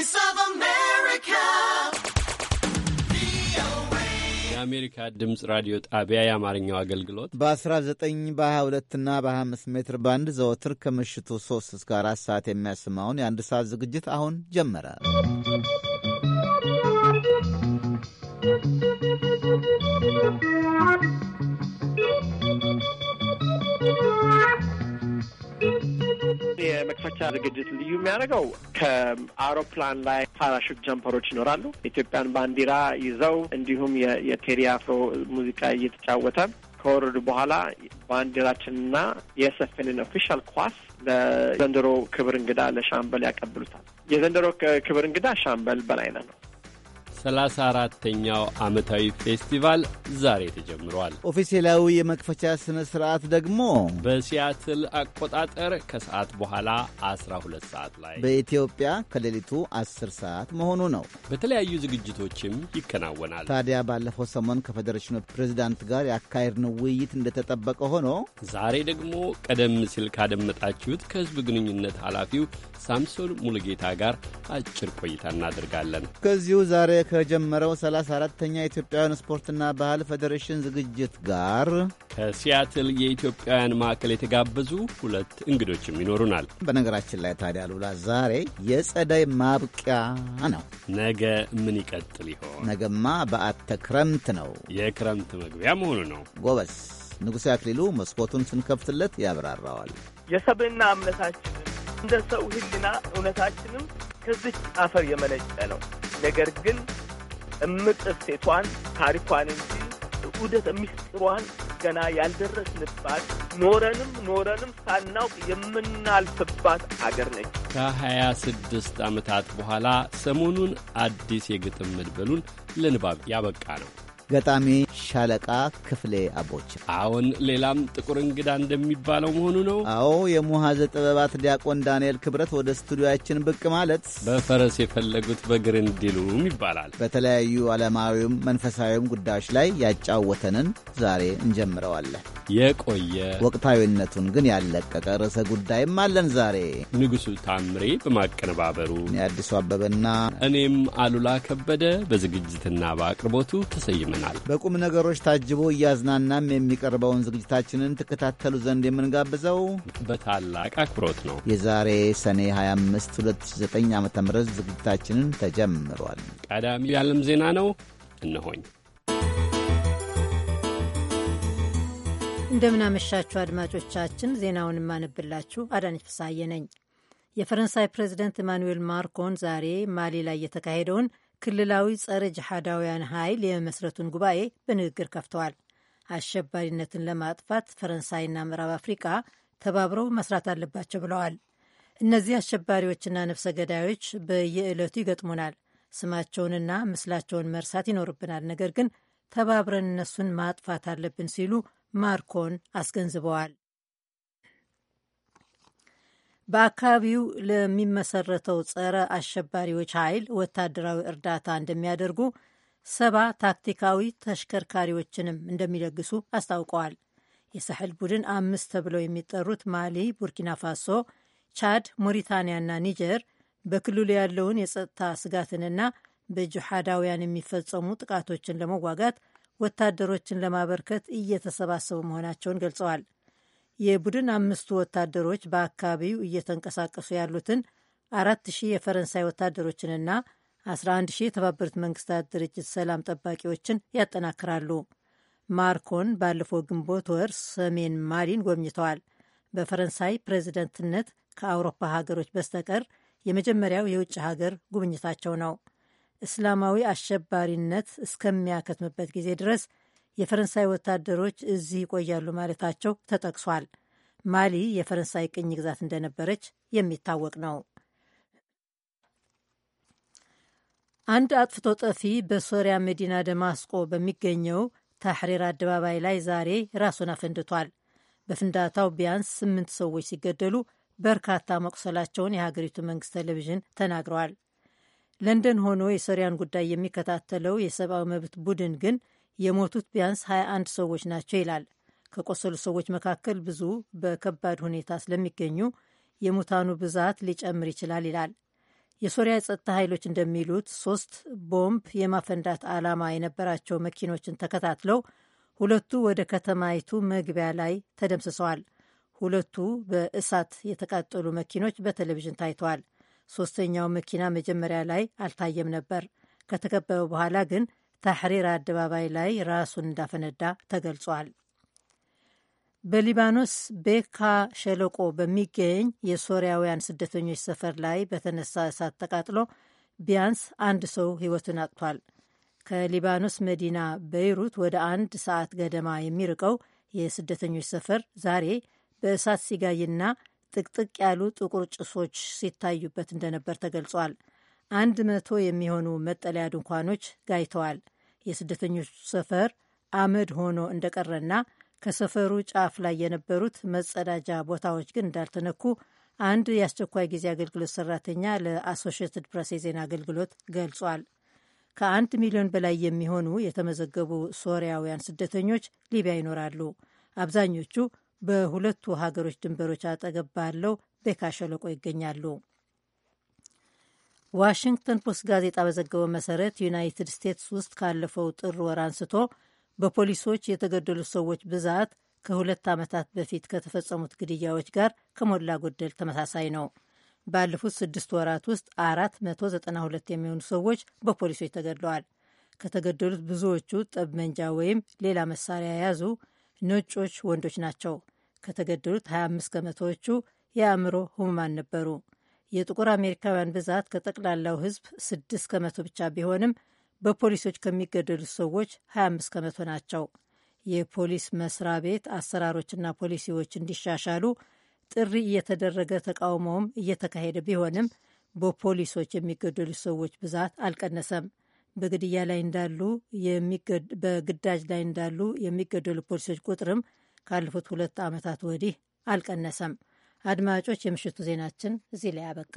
Voice of America. የአሜሪካ ድምፅ ራዲዮ ጣቢያ የአማርኛው አገልግሎት በ19 በ22 እና በ25 ሜትር ባንድ ዘወትር ከምሽቱ 3 እስከ 4 ሰዓት የሚያሰማውን የአንድ ሰዓት ዝግጅት አሁን ጀመረ። የመከላከያ ዝግጅት ልዩ የሚያደርገው ከአውሮፕላን ላይ ፓራሹት ጀምፐሮች ይኖራሉ። ኢትዮጵያን ባንዲራ ይዘው እንዲሁም የቴዲ አፍሮ ሙዚቃ እየተጫወተ ከወረዱ በኋላ ባንዲራችንና የሰፍንን ኦፊሻል ኳስ ለዘንድሮ ክብር እንግዳ ለሻምበል ያቀብሉታል። የዘንድሮ ክብር እንግዳ ሻምበል በላይነህ ነው። ሰላሳ አራተኛው ዓመታዊ ፌስቲቫል ዛሬ ተጀምሯል። ኦፊሴላዊ የመክፈቻ ሥነ ሥርዓት ደግሞ በሲያትል አቆጣጠር ከሰዓት በኋላ 12 ሰዓት ላይ በኢትዮጵያ ከሌሊቱ 10 ሰዓት መሆኑ ነው። በተለያዩ ዝግጅቶችም ይከናወናል። ታዲያ ባለፈው ሰሞን ከፌዴሬሽኑ ፕሬዚዳንት ጋር ያካሄድነው ውይይት እንደተጠበቀ ሆኖ ዛሬ ደግሞ ቀደም ሲል ካደመጣችሁት ከሕዝብ ግንኙነት ኃላፊው ሳምሶን ሙሉጌታ ጋር አጭር ቆይታ እናደርጋለን። ከዚሁ ዛሬ ከጀመረው 34ተኛ የኢትዮጵያውያን ስፖርትና ባህል ፌዴሬሽን ዝግጅት ጋር ከሲያትል የኢትዮጵያውያን ማዕከል የተጋበዙ ሁለት እንግዶችም ይኖሩናል። በነገራችን ላይ ታዲያ ሉላ ዛሬ የጸደይ ማብቂያ ነው። ነገ ምን ይቀጥል ይሆን? ነገማ በአተ ክረምት ነው። የክረምት መግቢያ መሆኑ ነው። ጎበስ ንጉሴ አክሊሉ መስኮቱን ስንከፍትለት ያብራራዋል። የሰብና እምነታችንን እንደ ሰው ህግና እውነታችንም ከዚህ አፈር የመነጨ ነው። ነገር ግን እምቅ እሴቷን ታሪኳን እንጂ ውደት ሚስጥሯን ገና ያልደረስንባት ኖረንም ኖረንም ሳናውቅ የምናልፍባት አገር ነች። ከሀያ ስድስት ዓመታት በኋላ ሰሞኑን አዲስ የግጥም መድበሉን ለንባብ ያበቃ ነው ገጣሚ ሻለቃ ክፍሌ አቦች። አሁን ሌላም ጥቁር እንግዳ እንደሚባለው መሆኑ ነው። አዎ፣ የሙሐዘ ጥበባት ዲያቆን ዳንኤል ክብረት ወደ ስቱዲዮያችን ብቅ ማለት በፈረስ የፈለጉት በግር እንዲሉም ይባላል። በተለያዩ ዓለማዊም መንፈሳዊም ጉዳዮች ላይ ያጫወተንን ዛሬ እንጀምረዋለን። የቆየ ወቅታዊነቱን ግን ያለቀቀ ርዕሰ ጉዳይም አለን። ዛሬ ንጉሡ ታምሬ በማቀነባበሩ አዲሱ አበበና እኔም አሉላ ከበደ በዝግጅትና በአቅርቦቱ ተሰይመናል። በቁም ነገ ነገሮች ታጅቦ እያዝናናም የሚቀርበውን ዝግጅታችንን ትከታተሉ ዘንድ የምንጋብዘው በታላቅ አክብሮት ነው። የዛሬ ሰኔ 25 2009 ዓ ም ዝግጅታችንን ተጀምሯል። ቀዳሚ የዓለም ዜና ነው። እነሆኝ። እንደምናመሻችሁ አድማጮቻችን፣ ዜናውን የማነብላችሁ አዳነች ፍሳዬ ነኝ። የፈረንሳይ ፕሬዚደንት ኢማኑዌል ማክሮን ዛሬ ማሊ ላይ የተካሄደውን ክልላዊ ጸረ ጅሃዳውያን ኃይል የመስረቱን ጉባኤ በንግግር ከፍተዋል። አሸባሪነትን ለማጥፋት ፈረንሳይና ምዕራብ አፍሪቃ ተባብረው መስራት አለባቸው ብለዋል። እነዚህ አሸባሪዎችና ነፍሰ ገዳዮች በየዕለቱ ይገጥሙናል። ስማቸውንና ምስላቸውን መርሳት ይኖርብናል። ነገር ግን ተባብረን እነሱን ማጥፋት አለብን ሲሉ ማርኮን አስገንዝበዋል። በአካባቢው ለሚመሰረተው ጸረ አሸባሪዎች ኃይል ወታደራዊ እርዳታ እንደሚያደርጉ፣ ሰባ ታክቲካዊ ተሽከርካሪዎችንም እንደሚለግሱ አስታውቀዋል። የሳሕል ቡድን አምስት ተብለው የሚጠሩት ማሊ፣ ቡርኪና ፋሶ፣ ቻድ፣ ሞሪታንያና ኒጀር በክልሉ ያለውን የጸጥታ ስጋትንና በጅሃዳውያን የሚፈጸሙ ጥቃቶችን ለመዋጋት ወታደሮችን ለማበርከት እየተሰባሰቡ መሆናቸውን ገልጸዋል። የቡድን አምስቱ ወታደሮች በአካባቢው እየተንቀሳቀሱ ያሉትን አራት ሺህ የፈረንሳይ ወታደሮችንና 11 ሺህ የተባበሩት መንግስታት ድርጅት ሰላም ጠባቂዎችን ያጠናክራሉ። ማርኮን ባለፈው ግንቦት ወር ሰሜን ማሊን ጎብኝተዋል። በፈረንሳይ ፕሬዚደንትነት ከአውሮፓ ሀገሮች በስተቀር የመጀመሪያው የውጭ ሀገር ጉብኝታቸው ነው። እስላማዊ አሸባሪነት እስከሚያከትምበት ጊዜ ድረስ የፈረንሳይ ወታደሮች እዚህ ይቆያሉ ማለታቸው ተጠቅሷል። ማሊ የፈረንሳይ ቅኝ ግዛት እንደነበረች የሚታወቅ ነው። አንድ አጥፍቶ ጠፊ በሶሪያ መዲና ደማስቆ በሚገኘው ታሕሪር አደባባይ ላይ ዛሬ ራሱን አፈንድቷል። በፍንዳታው ቢያንስ ስምንት ሰዎች ሲገደሉ በርካታ መቁሰላቸውን የሀገሪቱ መንግስት ቴሌቪዥን ተናግረዋል። ለንደን ሆኖ የሶሪያን ጉዳይ የሚከታተለው የሰብአዊ መብት ቡድን ግን የሞቱት ቢያንስ 21 ሰዎች ናቸው ይላል። ከቆሰሉ ሰዎች መካከል ብዙ በከባድ ሁኔታ ስለሚገኙ የሙታኑ ብዛት ሊጨምር ይችላል ይላል። የሶሪያ ጸጥታ ኃይሎች እንደሚሉት ሶስት ቦምብ የማፈንዳት ዓላማ የነበራቸው መኪኖችን ተከታትለው ሁለቱ ወደ ከተማይቱ መግቢያ ላይ ተደምስሰዋል። ሁለቱ በእሳት የተቃጠሉ መኪኖች በቴሌቪዥን ታይተዋል። ሶስተኛው መኪና መጀመሪያ ላይ አልታየም ነበር። ከተከበበ በኋላ ግን ታሕሪር አደባባይ ላይ ራሱን እንዳፈነዳ ተገልጿል። በሊባኖስ ቤካ ሸለቆ በሚገኝ የሶሪያውያን ስደተኞች ሰፈር ላይ በተነሳ እሳት ተቃጥሎ ቢያንስ አንድ ሰው ሕይወቱን አጥቷል። ከሊባኖስ መዲና በይሩት ወደ አንድ ሰዓት ገደማ የሚርቀው የስደተኞች ሰፈር ዛሬ በእሳት ሲጋይና ጥቅጥቅ ያሉ ጥቁር ጭሶች ሲታዩበት እንደነበር ተገልጿል። አንድ መቶ የሚሆኑ መጠለያ ድንኳኖች ጋይተዋል። የስደተኞቹ ሰፈር አመድ ሆኖ እንደቀረና ከሰፈሩ ጫፍ ላይ የነበሩት መጸዳጃ ቦታዎች ግን እንዳልተነኩ አንድ የአስቸኳይ ጊዜ አገልግሎት ሰራተኛ ለአሶሽትድ ፕሬስ የዜና አገልግሎት ገልጿል። ከአንድ ሚሊዮን በላይ የሚሆኑ የተመዘገቡ ሶሪያውያን ስደተኞች ሊቢያ ይኖራሉ። አብዛኞቹ በሁለቱ ሀገሮች ድንበሮች አጠገብ ባለው ቤካ ሸለቆ ይገኛሉ። ዋሽንግተን ፖስት ጋዜጣ በዘገበው መሰረት ዩናይትድ ስቴትስ ውስጥ ካለፈው ጥር ወር አንስቶ በፖሊሶች የተገደሉት ሰዎች ብዛት ከሁለት ዓመታት በፊት ከተፈጸሙት ግድያዎች ጋር ከሞላ ጎደል ተመሳሳይ ነው። ባለፉት ስድስት ወራት ውስጥ ሁለት የሚሆኑ ሰዎች በፖሊሶች ተገድለዋል። ከተገደሉት ብዙዎቹ ጠብመንጃ ወይም ሌላ መሳሪያ የያዙ ነጮች ወንዶች ናቸው። ከተገደሉት 25 ከመቶዎቹ የአእምሮ ህሙማን ነበሩ። የጥቁር አሜሪካውያን ብዛት ከጠቅላላው ህዝብ 6 ከመቶ ብቻ ቢሆንም በፖሊሶች ከሚገደሉት ሰዎች 25 ከመቶ ናቸው። የፖሊስ መስሪያ ቤት አሰራሮችና ፖሊሲዎች እንዲሻሻሉ ጥሪ እየተደረገ ተቃውሞውም እየተካሄደ ቢሆንም በፖሊሶች የሚገደሉት ሰዎች ብዛት አልቀነሰም። በግድያ ላይ እንዳሉ በግዳጅ ላይ እንዳሉ የሚገደሉ ፖሊሶች ቁጥርም ካለፉት ሁለት ዓመታት ወዲህ አልቀነሰም። አድማጮች፣ የምሽቱ ዜናችን እዚህ ላይ አበቃ።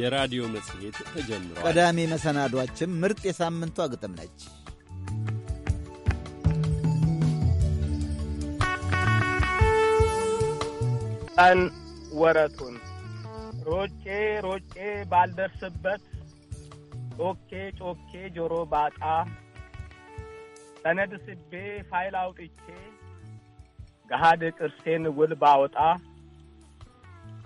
የራዲዮ መጽሔት ተጀምሯል። ቀዳሚ መሰናዷችን ምርጥ የሳምንቷ ግጥም ነች። ቀን ወረቱን ሮጬ ሮጬ ባልደርስበት ጮኬ ጮኬ ጆሮ ባጣ ሰነድ ስቤ ፋይል አውጥቼ ገሃድ ጥርሴን ውል ባወጣ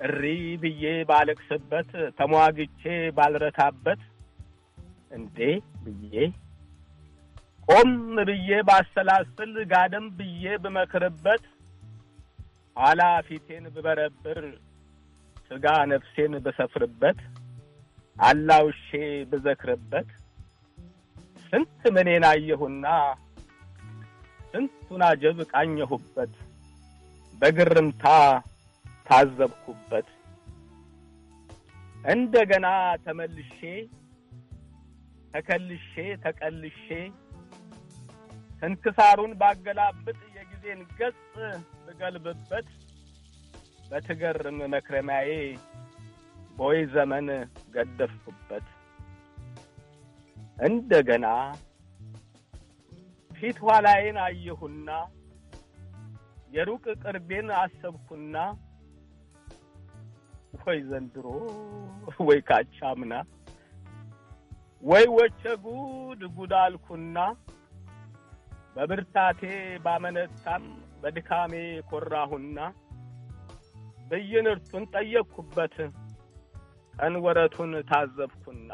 እሪ ብዬ ባለቅስበት ተሟግቼ ባልረታበት እንዴ ብዬ ቆም ብዬ ባሰላስል ጋደም ብዬ ብመክርበት ኋላ ፊቴን ብበረብር ስጋ ነፍሴን ብሰፍርበት አላውሼ ብዘክርበት ስንት ምኔን አየሁና ስንቱን አጀብ ቃኘሁበት በግርምታ ታዘብኩበት። እንደገና ተመልሼ ተከልሼ ተቀልሼ እንክሳሩን ባገላብጥ የጊዜን ገጽ ብገልብበት በትገርም መክረሚያዬ ወይ ዘመን ገደፍኩበት እንደገና ፊት ኋላዬን አየሁና የሩቅ ቅርቤን አሰብኩና ወይ ዘንድሮ ወይ ካቻምና ወይ ወቸ ጉድ ጉድ አልኩና በብርታቴ ባመነታም በድካሜ ኮራሁና ብይን እርቱን ጠየቅኩበት። እንወረቱን ታዘብኩና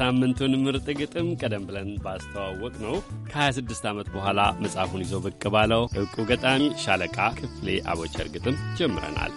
ሳምንቱን ምርጥ ግጥም ቀደም ብለን ባስተዋወቅ ነው ከ26 ዓመት በኋላ መጽሐፉን ይዞ ብቅ ባለው ዕውቁ ገጣሚ ሻለቃ ክፍሌ አቦቸር ግጥም ጀምረናል።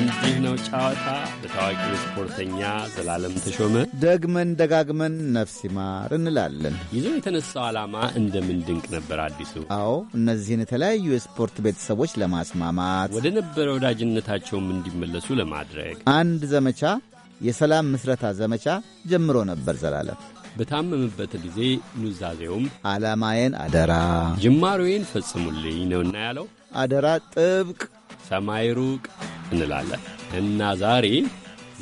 እንዲህ ነው ጨዋታ በታዋቂው ስፖርተኛ ዘላለም ተሾመ ደግመን ደጋግመን ነፍስ ይማር እንላለን። ይዞ የተነሳው ዓላማ እንደምን ድንቅ ነበር አዲሱ። አዎ እነዚህን የተለያዩ የስፖርት ቤተሰቦች ለማስማማት ወደ ነበረ ወዳጅነታቸውም እንዲመለሱ ለማድረግ አንድ ዘመቻ፣ የሰላም ምስረታ ዘመቻ ጀምሮ ነበር ዘላለም በታመምበት ጊዜ ኑዛዜውም ዓላማዬን አደራ ጅማሮዬን ፈጽሙልኝ ነውና ያለው አደራ ጥብቅ ሰማይ ሩቅ እንላለን እና ዛሬ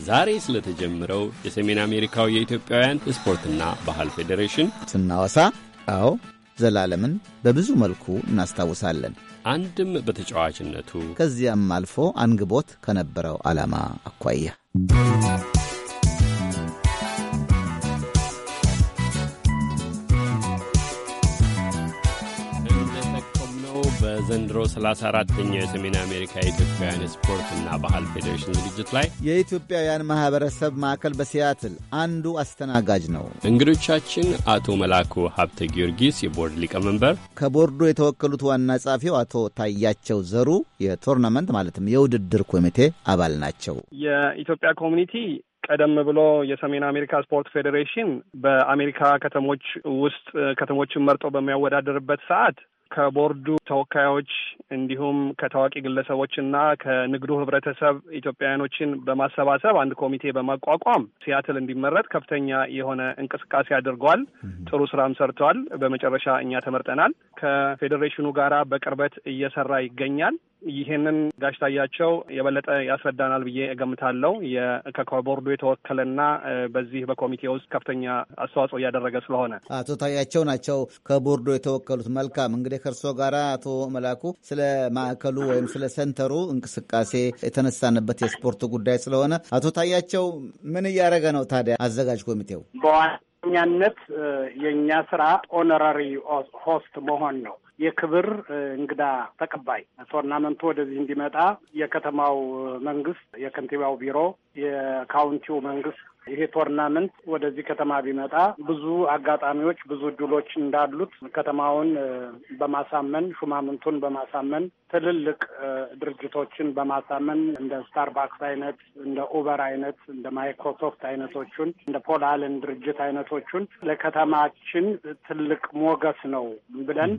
ዛሬ ስለተጀመረው የሰሜን አሜሪካው የኢትዮጵያውያን ስፖርትና ባህል ፌዴሬሽን ስናወሳ፣ አዎ ዘላለምን በብዙ መልኩ እናስታውሳለን። አንድም በተጫዋችነቱ ከዚያም አልፎ አንግቦት ከነበረው ዓላማ አኳያ በዘንድሮ 34 ተኛው የሰሜን አሜሪካ የኢትዮጵያውያን ስፖርትና ባህል ፌዴሬሽን ዝግጅት ላይ የኢትዮጵያውያን ማህበረሰብ ማዕከል በሲያትል አንዱ አስተናጋጅ ነው። እንግዶቻችን አቶ መላኩ ሀብተ ጊዮርጊስ የቦርድ ሊቀመንበር፣ ከቦርዱ የተወከሉት ዋና ጸሐፊው አቶ ታያቸው ዘሩ የቶርናመንት ማለትም የውድድር ኮሚቴ አባል ናቸው። የኢትዮጵያ ኮሚኒቲ ቀደም ብሎ የሰሜን አሜሪካ ስፖርት ፌዴሬሽን በአሜሪካ ከተሞች ውስጥ ከተሞችን መርጦ በሚያወዳደርበት ሰዓት ከቦርዱ ተወካዮች እንዲሁም ከታዋቂ ግለሰቦች እና ከንግዱ ህብረተሰብ ኢትዮጵያውያኖችን በማሰባሰብ አንድ ኮሚቴ በማቋቋም ሲያትል እንዲመረጥ ከፍተኛ የሆነ እንቅስቃሴ አድርጓል። ጥሩ ስራም ሰርተዋል። በመጨረሻ እኛ ተመርጠናል። ከፌዴሬሽኑ ጋራ በቅርበት እየሰራ ይገኛል። ይህንን ጋሽታያቸው የበለጠ ያስረዳናል ብዬ እገምታለሁ። ከቦርዱ የተወከለና በዚህ በኮሚቴ ውስጥ ከፍተኛ አስተዋጽኦ እያደረገ ስለሆነ አቶ ታያቸው ናቸው ከቦርዱ የተወከሉት። መልካም እንግዲህ ከእርሶ ጋር አቶ መላኩ ስለ ማዕከሉ ወይም ስለ ሰንተሩ እንቅስቃሴ የተነሳንበት የስፖርት ጉዳይ ስለሆነ አቶ ታያቸው ምን እያደረገ ነው ታዲያ አዘጋጅ ኮሚቴው? በሁለተኛነት የእኛ ስራ ኦነራሪ ሆስት መሆን ነው። የክብር እንግዳ ተቀባይ ቶርናመንቱ ወደዚህ እንዲመጣ የከተማው መንግስት፣ የከንቲባው ቢሮ፣ የካውንቲው መንግስት ይሄ ቶርናመንት ወደዚህ ከተማ ቢመጣ ብዙ አጋጣሚዎች፣ ብዙ እድሎች እንዳሉት ከተማውን በማሳመን ሹማምንቱን በማሳመን ትልልቅ ድርጅቶችን በማሳመን እንደ ስታርባክስ አይነት እንደ ኡበር አይነት እንደ ማይክሮሶፍት አይነቶቹን እንደ ፖል አለን ድርጅት አይነቶቹን ለከተማችን ትልቅ ሞገስ ነው ብለን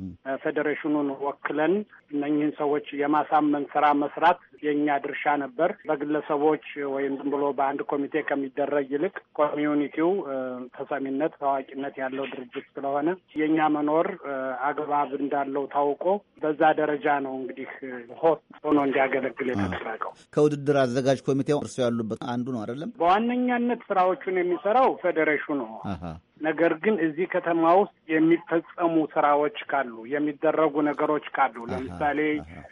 ፌዴሬሽኑን ወክለን እነኝህን ሰዎች የማሳመን ስራ መስራት የእኛ ድርሻ ነበር። በግለሰቦች ወይም ዝም ብሎ በአንድ ኮሚቴ ከሚደረግ ይልቅ ኮሚዩኒቲው ተሰሚነት፣ ታዋቂነት ያለው ድርጅት ስለሆነ የእኛ መኖር አግባብ እንዳለው ታውቆ በዛ ደረጃ ነው እንግዲህ እንግዲህ ሆት ሆኖ እንዲያገለግል የተደረገው ከውድድር አዘጋጅ ኮሚቴው እርስ ያሉበት አንዱ ነው አይደለም። በዋነኛነት ስራዎቹን የሚሰራው ፌዴሬሽኑ ነው። ነገር ግን እዚህ ከተማ ውስጥ የሚፈጸሙ ስራዎች ካሉ የሚደረጉ ነገሮች ካሉ ለምሳሌ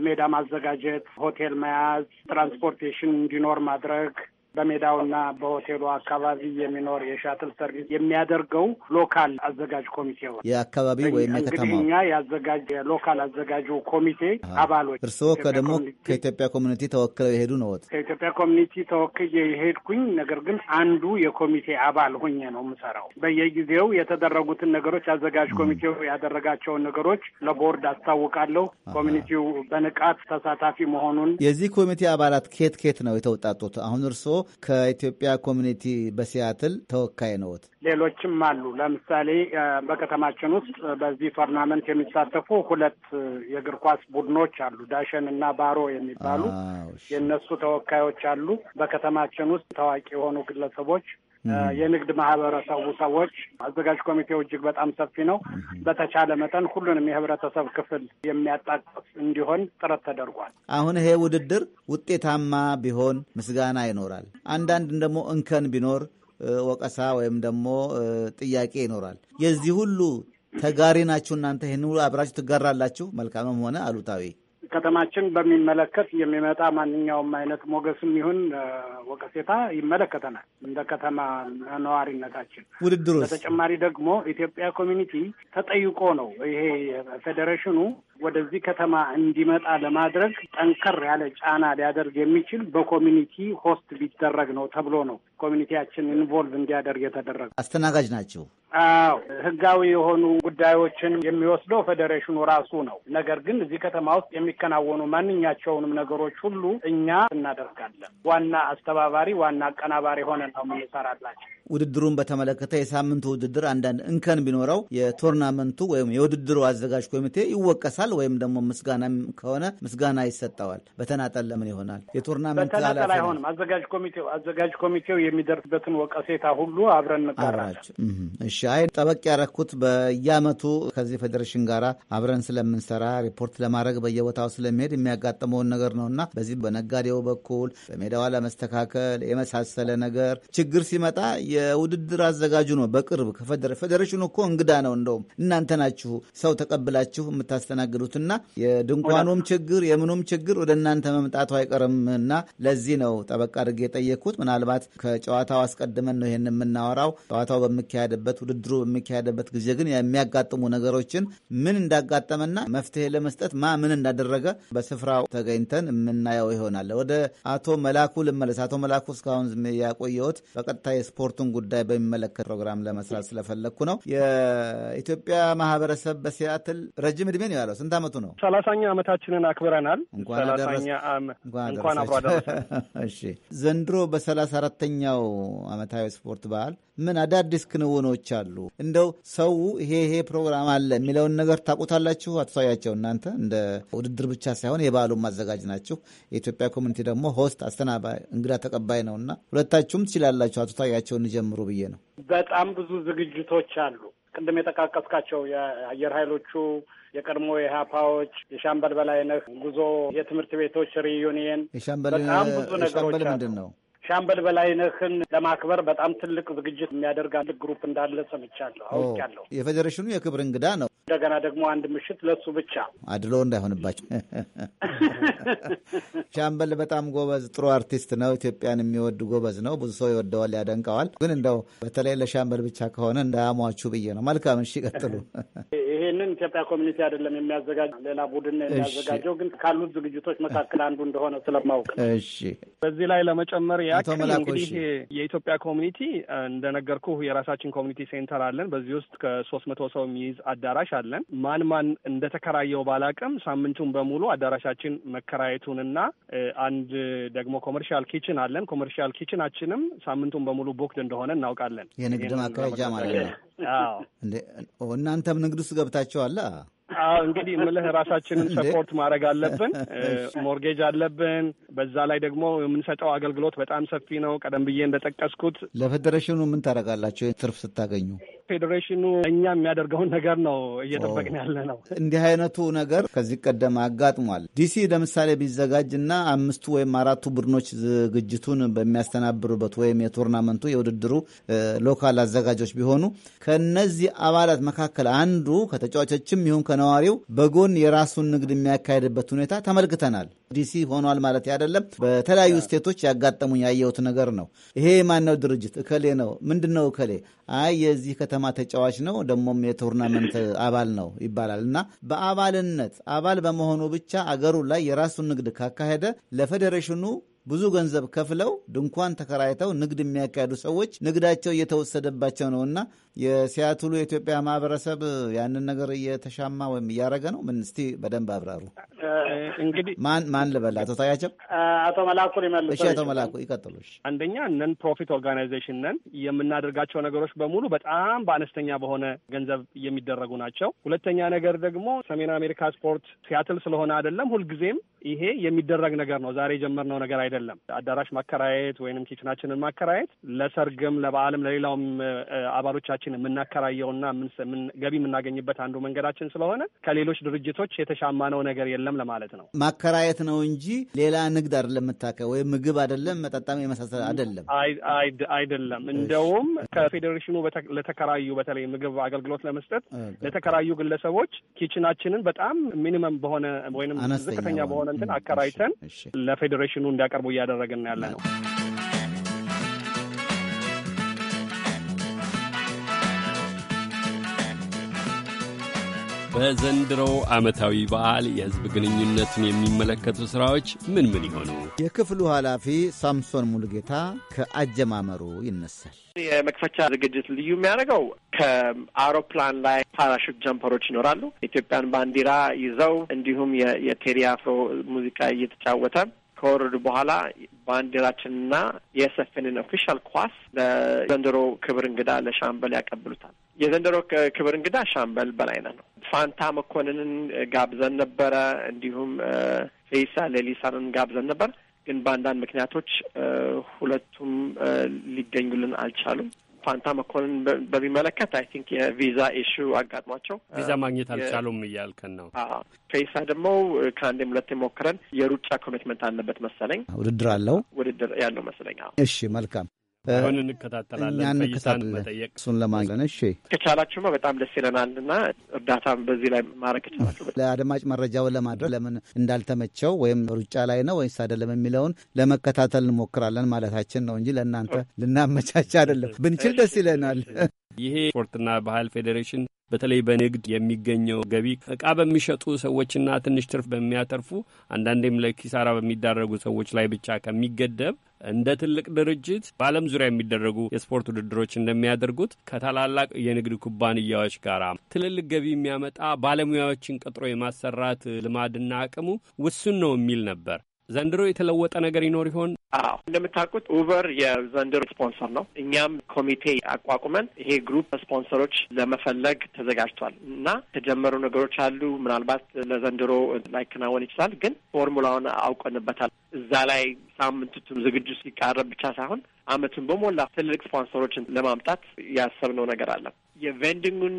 ሜዳ ማዘጋጀት፣ ሆቴል መያዝ፣ ትራንስፖርቴሽን እንዲኖር ማድረግ በሜዳውና በሆቴሉ አካባቢ የሚኖር የሻትል ሰርቪስ የሚያደርገው ሎካል አዘጋጅ ነው። የአካባቢው ወይም የከተማው እኛ የአዘጋጅ የሎካል አዘጋጁ ኮሚቴ አባሎች። እርስዎ ከደግሞ ከኢትዮጵያ ኮሚኒቲ ተወክለው የሄዱ ነዎት? ከኢትዮጵያ ኮሚኒቲ ተወክዬ የሄድኩኝ፣ ነገር ግን አንዱ የኮሚቴ አባል ሆኜ ነው የምሰራው። በየጊዜው የተደረጉትን ነገሮች አዘጋጅ ኮሚቴው ያደረጋቸውን ነገሮች ለቦርድ አስታውቃለሁ። ኮሚኒቲው በንቃት ተሳታፊ መሆኑን የዚህ ኮሚቴ አባላት ኬት ኬት ነው የተውጣጡት? አሁን እርስዎ ከኢትዮጵያ ኮሚኒቲ በሲያትል ተወካይ ነዎት። ሌሎችም አሉ። ለምሳሌ በከተማችን ውስጥ በዚህ ቶርናመንት የሚሳተፉ ሁለት የእግር ኳስ ቡድኖች አሉ፣ ዳሸን እና ባሮ የሚባሉ የእነሱ ተወካዮች አሉ። በከተማችን ውስጥ ታዋቂ የሆኑ ግለሰቦች የንግድ ማህበረሰቡ ሰዎች አዘጋጅ ኮሚቴው እጅግ በጣም ሰፊ ነው። በተቻለ መጠን ሁሉንም የህብረተሰብ ክፍል የሚያጣቅስ እንዲሆን ጥረት ተደርጓል። አሁን ይሄ ውድድር ውጤታማ ቢሆን ምስጋና ይኖራል። አንዳንድ ደግሞ እንከን ቢኖር ወቀሳ ወይም ደግሞ ጥያቄ ይኖራል። የዚህ ሁሉ ተጋሪ ናችሁ እናንተ። ይህን አብራችሁ ትጋራላችሁ፣ መልካምም ሆነ አሉታዊ ከተማችን በሚመለከት የሚመጣ ማንኛውም አይነት ሞገስም ይሁን ወቀሴታ ይመለከተናል እንደ ከተማ ነዋሪነታችን። ውድድሩ በተጨማሪ ደግሞ ኢትዮጵያ ኮሚኒቲ ተጠይቆ ነው ይሄ ፌዴሬሽኑ ወደዚህ ከተማ እንዲመጣ ለማድረግ ጠንከር ያለ ጫና ሊያደርግ የሚችል በኮሚኒቲ ሆስት ቢደረግ ነው ተብሎ ነው ኮሚኒቲያችን ኢንቮልቭ እንዲያደርግ የተደረገ። አስተናጋጅ ናቸው አዎ ህጋዊ የሆኑ ጉዳዮችን የሚወስደው ፌዴሬሽኑ ራሱ ነው። ነገር ግን እዚህ ከተማ ውስጥ የሚከናወኑ ማንኛቸውንም ነገሮች ሁሉ እኛ እናደርጋለን። ዋና አስተባባሪ፣ ዋና አቀናባሪ ሆነን ነው የምንሰራላቸው። ውድድሩን በተመለከተ የሳምንቱ ውድድር አንዳንድ እንከን ቢኖረው የቶርናመንቱ ወይም የውድድሩ አዘጋጅ ኮሚቴ ይወቀሳል፣ ወይም ደግሞ ምስጋና ከሆነ ምስጋና ይሰጠዋል። በተናጠል ለምን ይሆናል? የቶርናመንት በተናጠል አይሆንም። አዘጋጅ ኮሚቴው አዘጋጅ ኮሚቴው የሚደርስበትን ወቀሴታ ሁሉ አብረን እንጋራለን። እሺ፣ አይ ጠበቅ ያረኩት በየአመቱ ከዚህ ፌዴሬሽን ጋራ አብረን ስለምንሰራ ሪፖርት ለማድረግ በየቦታው ስለሚሄድ የሚያጋጥመውን ነገር ነውና በዚህ በነጋዴው በኩል በሜዳዋ ለመስተካከል የመሳሰለ ነገር ችግር ሲመጣ የውድድር አዘጋጁ ነው። በቅርብ ፌዴሬሽኑ እኮ እንግዳ ነው። እንደውም እናንተ ናችሁ ሰው ተቀብላችሁ የምታስተናግዱትና የድንኳኑም ችግር የምኑም ችግር ወደ እናንተ መምጣቱ አይቀርም እና ለዚህ ነው ጠበቃ አድርጌ የጠየቅኩት። ምናልባት ከጨዋታው አስቀድመን ነው ይህን የምናወራው። ጨዋታው በሚካሄድበት ውድድሩ በሚካሄድበት ጊዜ ግን የሚያጋጥሙ ነገሮችን ምን እንዳጋጠመና መፍትሄ ለመስጠት ማ ምን እንዳደረገ በስፍራው ተገኝተን የምናየው ይሆናል። ወደ አቶ መላኩ ልመለስ። አቶ መላኩ እስካሁን ያቆየሁት በቀጥታ የስፖርቱን እሱን ጉዳይ በሚመለከት ፕሮግራም ለመስራት ስለፈለግኩ ነው። የኢትዮጵያ ማህበረሰብ በሲያትል ረጅም እድሜ ነው ያለው። ስንት ዓመቱ ነው? ሰላሳኛ ዓመታችንን አክብረናል። እንኳን አብሮ አደረሰ። ዘንድሮ በሰላሳ አራተኛው ዓመታዊ ስፖርት በዓል ምን አዳዲስ ክንውኖች አሉ? እንደው ሰው ይሄ ይሄ ፕሮግራም አለ የሚለውን ነገር ታውቁታላችሁ። አትሳያቸው እናንተ እንደ ውድድር ብቻ ሳይሆን የበዓሉን ማዘጋጅ ናችሁ። የኢትዮጵያ ኮሚኒቲ ደግሞ ሆስት፣ አስተናባይ፣ እንግዳ ተቀባይ እና ሁለታችሁም ትችላላችሁ። አትሳያቸውን እንጀምሩ ብዬ ነው። በጣም ብዙ ዝግጅቶች አሉ። ቅድም የጠቃቀስካቸው የአየር ኃይሎቹ የቀድሞ የሀፓዎች የሻምበል በላይነህ ጉዞ፣ የትምህርት ቤቶች ሪዩኒየን፣ በጣም ብዙ ነገሮች ምንድን ነው ሻምበል በላይነህን ለማክበር በጣም ትልቅ ዝግጅት የሚያደርግ አንድ ግሩፕ እንዳለ ሰምቻለሁ፣ አውቄያለሁ። የፌዴሬሽኑ የክብር እንግዳ ነው። እንደገና ደግሞ አንድ ምሽት ለሱ ብቻ አድሎ እንዳይሆንባቸው። ሻምበል በጣም ጎበዝ፣ ጥሩ አርቲስት ነው። ኢትዮጵያን የሚወድ ጎበዝ ነው። ብዙ ሰው ይወደዋል፣ ያደንቀዋል። ግን እንደው በተለይ ለሻምበል ብቻ ከሆነ እንዳያሟቹ ብዬ ነው። መልካም፣ እሺ፣ ቀጥሉ። ይሄንን ኢትዮጵያ ኮሚኒቲ አይደለም የሚያዘጋጀው፣ ሌላ ቡድን የሚያዘጋጀው ግን ካሉት ዝግጅቶች መካከል አንዱ እንደሆነ ስለማውቅ። እሺ፣ በዚህ ላይ ለመጨመር ያክል እንግዲህ የኢትዮጵያ ኮሚኒቲ እንደነገርኩ የራሳችን ኮሚኒቲ ሴንተር አለን። በዚህ ውስጥ ከሶስት መቶ ሰው የሚይዝ አዳራሽ አለን። ማን ማን እንደተከራየው ባላቅም ሳምንቱን በሙሉ አዳራሻችን መከራየቱንና አንድ ደግሞ ኮመርሻል ኪችን አለን። ኮመርሻል ኪችናችንም ሳምንቱን በሙሉ ቦክድ እንደሆነ እናውቃለን። የንግድ ማከራጃ ማለት ነው። እናንተም ንግድ ውስጥ ገብታችኋላ። እንግዲህ ምልህ ራሳችንን ሰፖርት ማድረግ አለብን። ሞርጌጅ አለብን። በዛ ላይ ደግሞ የምንሰጠው አገልግሎት በጣም ሰፊ ነው። ቀደም ብዬ እንደጠቀስኩት ለፌዴሬሽኑ ምን ታደርጋላችሁ ትርፍ ስታገኙ? ፌዴሬሽኑ እኛ የሚያደርገውን ነገር ነው እየጠበቅን ያለ ነው። እንዲህ አይነቱ ነገር ከዚህ ቀደም አጋጥሟል። ዲሲ ለምሳሌ ቢዘጋጅና አምስቱ ወይም አራቱ ቡድኖች ዝግጅቱን በሚያስተናብሩበት ወይም የቱርናመንቱ የውድድሩ ሎካል አዘጋጆች ቢሆኑ ከነዚህ አባላት መካከል አንዱ ከተጫዋቾችም ይሁን ከነዋሪው በጎን የራሱን ንግድ የሚያካሄድበት ሁኔታ ተመልክተናል። ዲሲ ሆኗል ማለት አይደለም። በተለያዩ ስቴቶች ያጋጠሙኝ ያየሁት ነገር ነው። ይሄ የማነው ድርጅት እከሌ ነው ምንድን ነው እከሌ አይ የዚህ ከተማ ተጫዋች ነው ደግሞም የቱርናመንት አባል ነው ይባላል እና በአባልነት አባል በመሆኑ ብቻ አገሩ ላይ የራሱን ንግድ ካካሄደ ለፌዴሬሽኑ ብዙ ገንዘብ ከፍለው ድንኳን ተከራይተው ንግድ የሚያካሄዱ ሰዎች ንግዳቸው እየተወሰደባቸው ነው እና የሲያትሉ የኢትዮጵያ ማህበረሰብ ያንን ነገር እየተሻማ ወይም እያደረገ ነው። ምን እስቲ በደንብ አብራሩ። እንግዲህ ማን ማን ልበል? አቶ ታያቸው፣ አቶ መላኩ ይመልሱ። እሺ አቶ መላኩ ይቀጥሉ። አንደኛ ነን ፕሮፊት ኦርጋናይዜሽን ነን። የምናደርጋቸው ነገሮች በሙሉ በጣም በአነስተኛ በሆነ ገንዘብ የሚደረጉ ናቸው። ሁለተኛ ነገር ደግሞ ሰሜን አሜሪካ ስፖርት ሲያትል ስለሆነ አይደለም፣ ሁልጊዜም ይሄ የሚደረግ ነገር ነው። ዛሬ የጀመርነው ነገር አይደለም። አይደለም። አዳራሽ ማከራየት ወይንም ኪችናችንን ማከራየት ለሰርግም፣ ለበዓልም፣ ለሌላውም አባሎቻችን የምናከራየውና ገቢ የምናገኝበት አንዱ መንገዳችን ስለሆነ ከሌሎች ድርጅቶች የተሻማነው ነገር የለም ለማለት ነው። ማከራየት ነው እንጂ ሌላ ንግድ አይደለም። ምታከ ወይም ምግብ አይደለም፣ መጠጣም የመሳሰል አይደለም አይደለም። እንደውም ከፌዴሬሽኑ ለተከራዩ በተለይ ምግብ አገልግሎት ለመስጠት ለተከራዩ ግለሰቦች ኪችናችንን በጣም ሚኒመም በሆነ ወይም ዝቅተኛ በሆነ እንትን አከራይተን ለፌዴሬሽኑ እንዲያቀርቡ እንዲቀርቡ እያደረግን ያለ ነው። በዘንድሮ ዓመታዊ በዓል የሕዝብ ግንኙነትን የሚመለከቱ ሥራዎች ምን ምን ይሆኑ? የክፍሉ ኃላፊ ሳምሶን ሙልጌታ ከአጀማመሩ ይነሳል። የመክፈቻ ዝግጅት ልዩ የሚያደርገው ከአውሮፕላን ላይ ፓራሹት ጀምፐሮች ይኖራሉ። ኢትዮጵያን ባንዲራ ይዘው እንዲሁም የቴዲ አፍሮ ሙዚቃ እየተጫወተ ከወረዱ በኋላ ባንዲራችንና የሰፍንን ኦፊሻል ኳስ ለዘንድሮ ክብር እንግዳ ለሻምበል ያቀብሉታል። የዘንድሮ ክብር እንግዳ ሻምበል በላይነህ ነው። ፋንታ መኮንንን ጋብዘን ነበረ፣ እንዲሁም ፈይሳ ሌሊሳንን ጋብዘን ነበር። ግን በአንዳንድ ምክንያቶች ሁለቱም ሊገኙልን አልቻሉም። ፋንታ መኮንን በሚመለከት አይ ቲንክ የቪዛ ኢሹ አጋጥሟቸው ቪዛ ማግኘት አልቻሉም እያልከን ነው። ፌሳ ደግሞ ከአንዴም ሁለት ሞክረን የሩጫ ኮሚትመንት አለበት መሰለኝ ውድድር አለው ውድድር ያለው መሰለኝ። እሺ መልካም አሁን እንከታተላለን መጠየቅ እሱን ለማግኘት እሺ፣ ከቻላችሁማ በጣም ደስ ይለናል። እና እርዳታም በዚህ ላይ ማድረግ ከቻላችሁ ለአድማጭ መረጃውን ለማድረግ ለምን እንዳልተመቸው ወይም ሩጫ ላይ ነው ወይስ አይደለም የሚለውን ለመከታተል እንሞክራለን ማለታችን ነው እንጂ ለእናንተ ልናመቻች አይደለም። ብንችል ደስ ይለናል። ይሄ ስፖርትና ባህል ፌዴሬሽን በተለይ በንግድ የሚገኘው ገቢ እቃ በሚሸጡ ሰዎችና ትንሽ ትርፍ በሚያተርፉ አንዳንዴም ለኪሳራ በሚዳረጉ ሰዎች ላይ ብቻ ከሚገደብ እንደ ትልቅ ድርጅት በዓለም ዙሪያ የሚደረጉ የስፖርት ውድድሮች እንደሚያደርጉት ከታላላቅ የንግድ ኩባንያዎች ጋር ትልልቅ ገቢ የሚያመጣ ባለሙያዎችን ቀጥሮ የማሰራት ልማድና አቅሙ ውሱን ነው የሚል ነበር። ዘንድሮ የተለወጠ ነገር ይኖር ይሆን? አዎ እንደምታውቁት ኡቨር የዘንድሮ ስፖንሰር ነው። እኛም ኮሚቴ አቋቁመን ይሄ ግሩፕ ስፖንሰሮች ለመፈለግ ተዘጋጅቷል እና የተጀመሩ ነገሮች አሉ። ምናልባት ለዘንድሮ ላይከናወን ይችላል፣ ግን ፎርሙላውን አውቀንበታል። እዛ ላይ ሳምንቱም ዝግጅት ሲቃረብ ብቻ ሳይሆን አመቱን በሞላ ትልልቅ ስፖንሰሮችን ለማምጣት ያሰብነው ነገር አለ። የቬንዲንጉን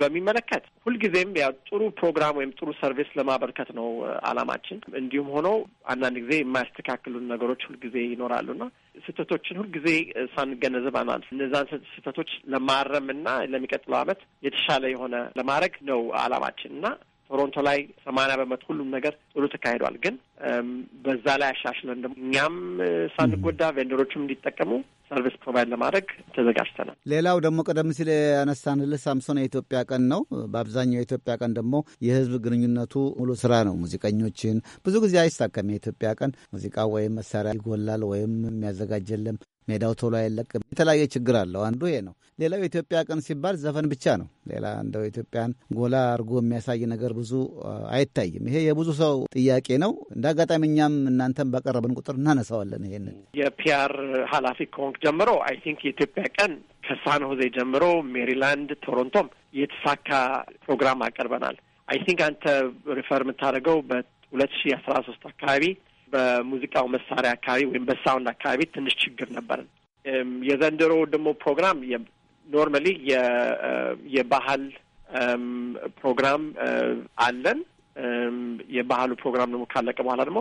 በሚመለከት ሁልጊዜም ያው ጥሩ ፕሮግራም ወይም ጥሩ ሰርቪስ ለማበርከት ነው አላማችን። እንዲሁም ሆኖ አንዳንድ ጊዜ የማያስተካክሉን ነገሮች ሁልጊዜ ይኖራሉና ስህተቶችን ሁልጊዜ ሳንገነዘብ አናል እነዛን ስህተቶች ለማረምና ለሚቀጥለው አመት የተሻለ የሆነ ለማድረግ ነው አላማችን እና ቶሮንቶ ላይ ሰማንያ በመቶ ሁሉም ነገር ጥሩ ተካሂዷል። ግን በዛ ላይ አሻሽለን ደግሞ እኛም ሳንጎዳ ቬንደሮችም እንዲጠቀሙ ሰርቪስ ፕሮቫይድ ለማድረግ ተዘጋጅተናል። ሌላው ደግሞ ቀደም ሲል ያነሳንልህ ሳምሶን የኢትዮጵያ ቀን ነው። በአብዛኛው የኢትዮጵያ ቀን ደግሞ የህዝብ ግንኙነቱ ሙሉ ስራ ነው። ሙዚቀኞችን ብዙ ጊዜ አይሳከም። የኢትዮጵያ ቀን ሙዚቃ ወይም መሳሪያ ይጎላል ወይም የሚያዘጋጀልም ሜዳው ቶሎ አይለቅም። የተለያየ ችግር አለው። አንዱ ይሄ ነው። ሌላው የኢትዮጵያ ቀን ሲባል ዘፈን ብቻ ነው። ሌላ እንደው ኢትዮጵያን ጎላ አድርጎ የሚያሳይ ነገር ብዙ አይታይም። ይሄ የብዙ ሰው ጥያቄ ነው። እንደ በአጋጣሚ እኛም እናንተም በቀረብን ቁጥር እናነሳዋለን። ይሄንን የፒአር ኃላፊ ከሆንክ ጀምሮ አይ ቲንክ የኢትዮጵያ ቀን ከሳን ሆዜ ጀምሮ ሜሪላንድ፣ ቶሮንቶም የተሳካ ፕሮግራም አቀርበናል። አይ ቲንክ አንተ ሪፈር የምታደርገው በሁለት ሺ አስራ ሶስት አካባቢ በሙዚቃው መሳሪያ አካባቢ ወይም በሳውንድ አካባቢ ትንሽ ችግር ነበርን። የዘንድሮ ደግሞ ፕሮግራም ኖርማሊ የባህል ፕሮግራም አለን የባህሉ ፕሮግራም ደግሞ ካለቀ በኋላ ደግሞ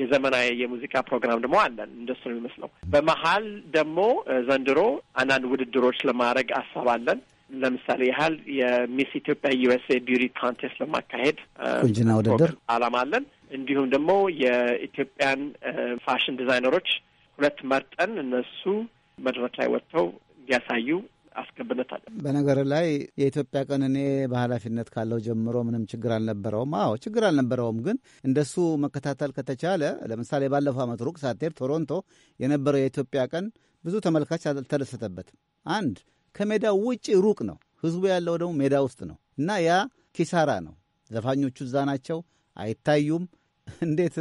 የዘመናዊ የሙዚቃ ፕሮግራም ደግሞ አለን። እንደሱ ነው የሚመስለው። በመሀል ደግሞ ዘንድሮ አንዳንድ ውድድሮች ለማድረግ አሳብ አለን። ለምሳሌ ያህል የሚስ ኢትዮጵያ ዩኤስኤ ቢዩቲ ኮንቴስት ለማካሄድ ቁንጅና ውድድር አላማ አለን። እንዲሁም ደግሞ የኢትዮጵያን ፋሽን ዲዛይነሮች ሁለት መርጠን እነሱ መድረክ ላይ ወጥተው እንዲያሳዩ አስገብለታል። በነገር ላይ የኢትዮጵያ ቀን እኔ በኃላፊነት ካለው ጀምሮ ምንም ችግር አልነበረውም። አዎ ችግር አልነበረውም። ግን እንደሱ መከታተል ከተቻለ ለምሳሌ ባለፈው ዓመት ሩቅ ሳቴር ቶሮንቶ የነበረው የኢትዮጵያ ቀን ብዙ ተመልካች አልተደሰተበትም። አንድ ከሜዳው ውጪ ሩቅ ነው፣ ህዝቡ ያለው ደግሞ ሜዳ ውስጥ ነው እና ያ ኪሳራ ነው። ዘፋኞቹ እዛ ናቸው፣ አይታዩም። እንዴት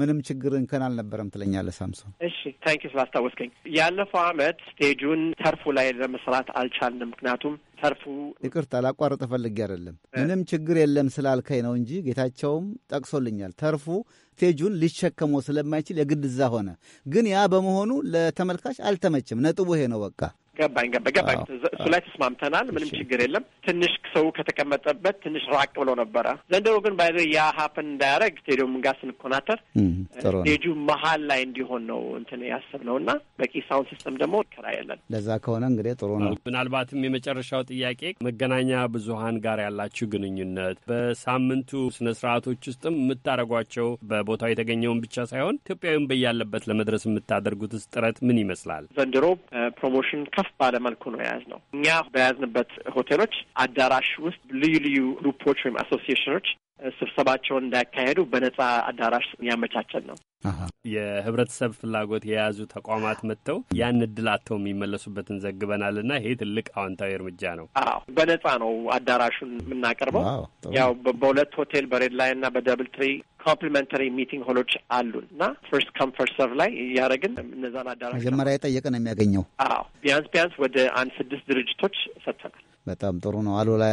ምንም ችግር እንከን አልነበረም ትለኛለህ ሳምሶን? እሺ ታንኪ ስላስታወስከኝ። ያለፈው አመት ስቴጁን ተርፉ ላይ ለመስራት አልቻልንም። ምክንያቱም ተርፉ ይቅርታ ላቋርጥ ፈልጌ አይደለም ምንም ችግር የለም ስላልከኝ ነው እንጂ ጌታቸውም ጠቅሶልኛል። ተርፉ ስቴጁን ሊሸከመው ስለማይችል የግድ እዛ ሆነ። ግን ያ በመሆኑ ለተመልካች አልተመችም። ነጥቡ ይሄ ነው በቃ ገባኝ ገባኝ ገባኝ። እሱ ላይ ተስማምተናል። ምንም ችግር የለም። ትንሽ ሰው ከተቀመጠበት ትንሽ ራቅ ብሎ ነበረ። ዘንድሮ ግን ባይ ያ ሀፕን እንዳያደረግ ስቴዲየም ጋር ስንኮናተር ስቴጁ መሀል ላይ እንዲሆን ነው እንትን ያስብ ነው እና በቂ ሳውንድ ሲስተም ደግሞ ከራ የለን። ለዛ ከሆነ እንግዲህ ጥሩ ነው። ምናልባትም የመጨረሻው ጥያቄ መገናኛ ብዙሀን ጋር ያላችሁ ግንኙነት በሳምንቱ ስነ ስርአቶች ውስጥም የምታደረጓቸው በቦታው የተገኘውን ብቻ ሳይሆን ኢትዮጵያዊም በያለበት ለመድረስ የምታደርጉትስ ጥረት ምን ይመስላል? ዘንድሮ ፕሮሞሽን ከፍ ባለመልኩ ነው የያዝነው። እኛ በያዝንበት ሆቴሎች አዳራሽ ውስጥ ልዩ ልዩ ግሩፖች ወይም አሶሲዬሽኖች ስብሰባቸውን እንዳያካሄዱ በነጻ አዳራሽ ያመቻቸን ነው። የህብረተሰብ ፍላጎት የያዙ ተቋማት መጥተው ያን እድል አጥተው የሚመለሱበትን ዘግበናል እና ይሄ ትልቅ አዎንታዊ እርምጃ ነው። አዎ በነጻ ነው አዳራሹን የምናቀርበው። ያው በሁለት ሆቴል በሬድ ላይ እና በደብል ትሪ ኮምፕሊመንተሪ ሚቲንግ ሆሎች አሉን እና ፍርስት ከም ፈርስት ሰርቭ ላይ እያደረግን እነዛን አዳራሽ መጀመሪያ የጠየቀ ነው የሚያገኘው። አዎ ቢያንስ ቢያንስ ወደ አንድ ስድስት ድርጅቶች ሰጥተናል። በጣም ጥሩ ነው አሉላ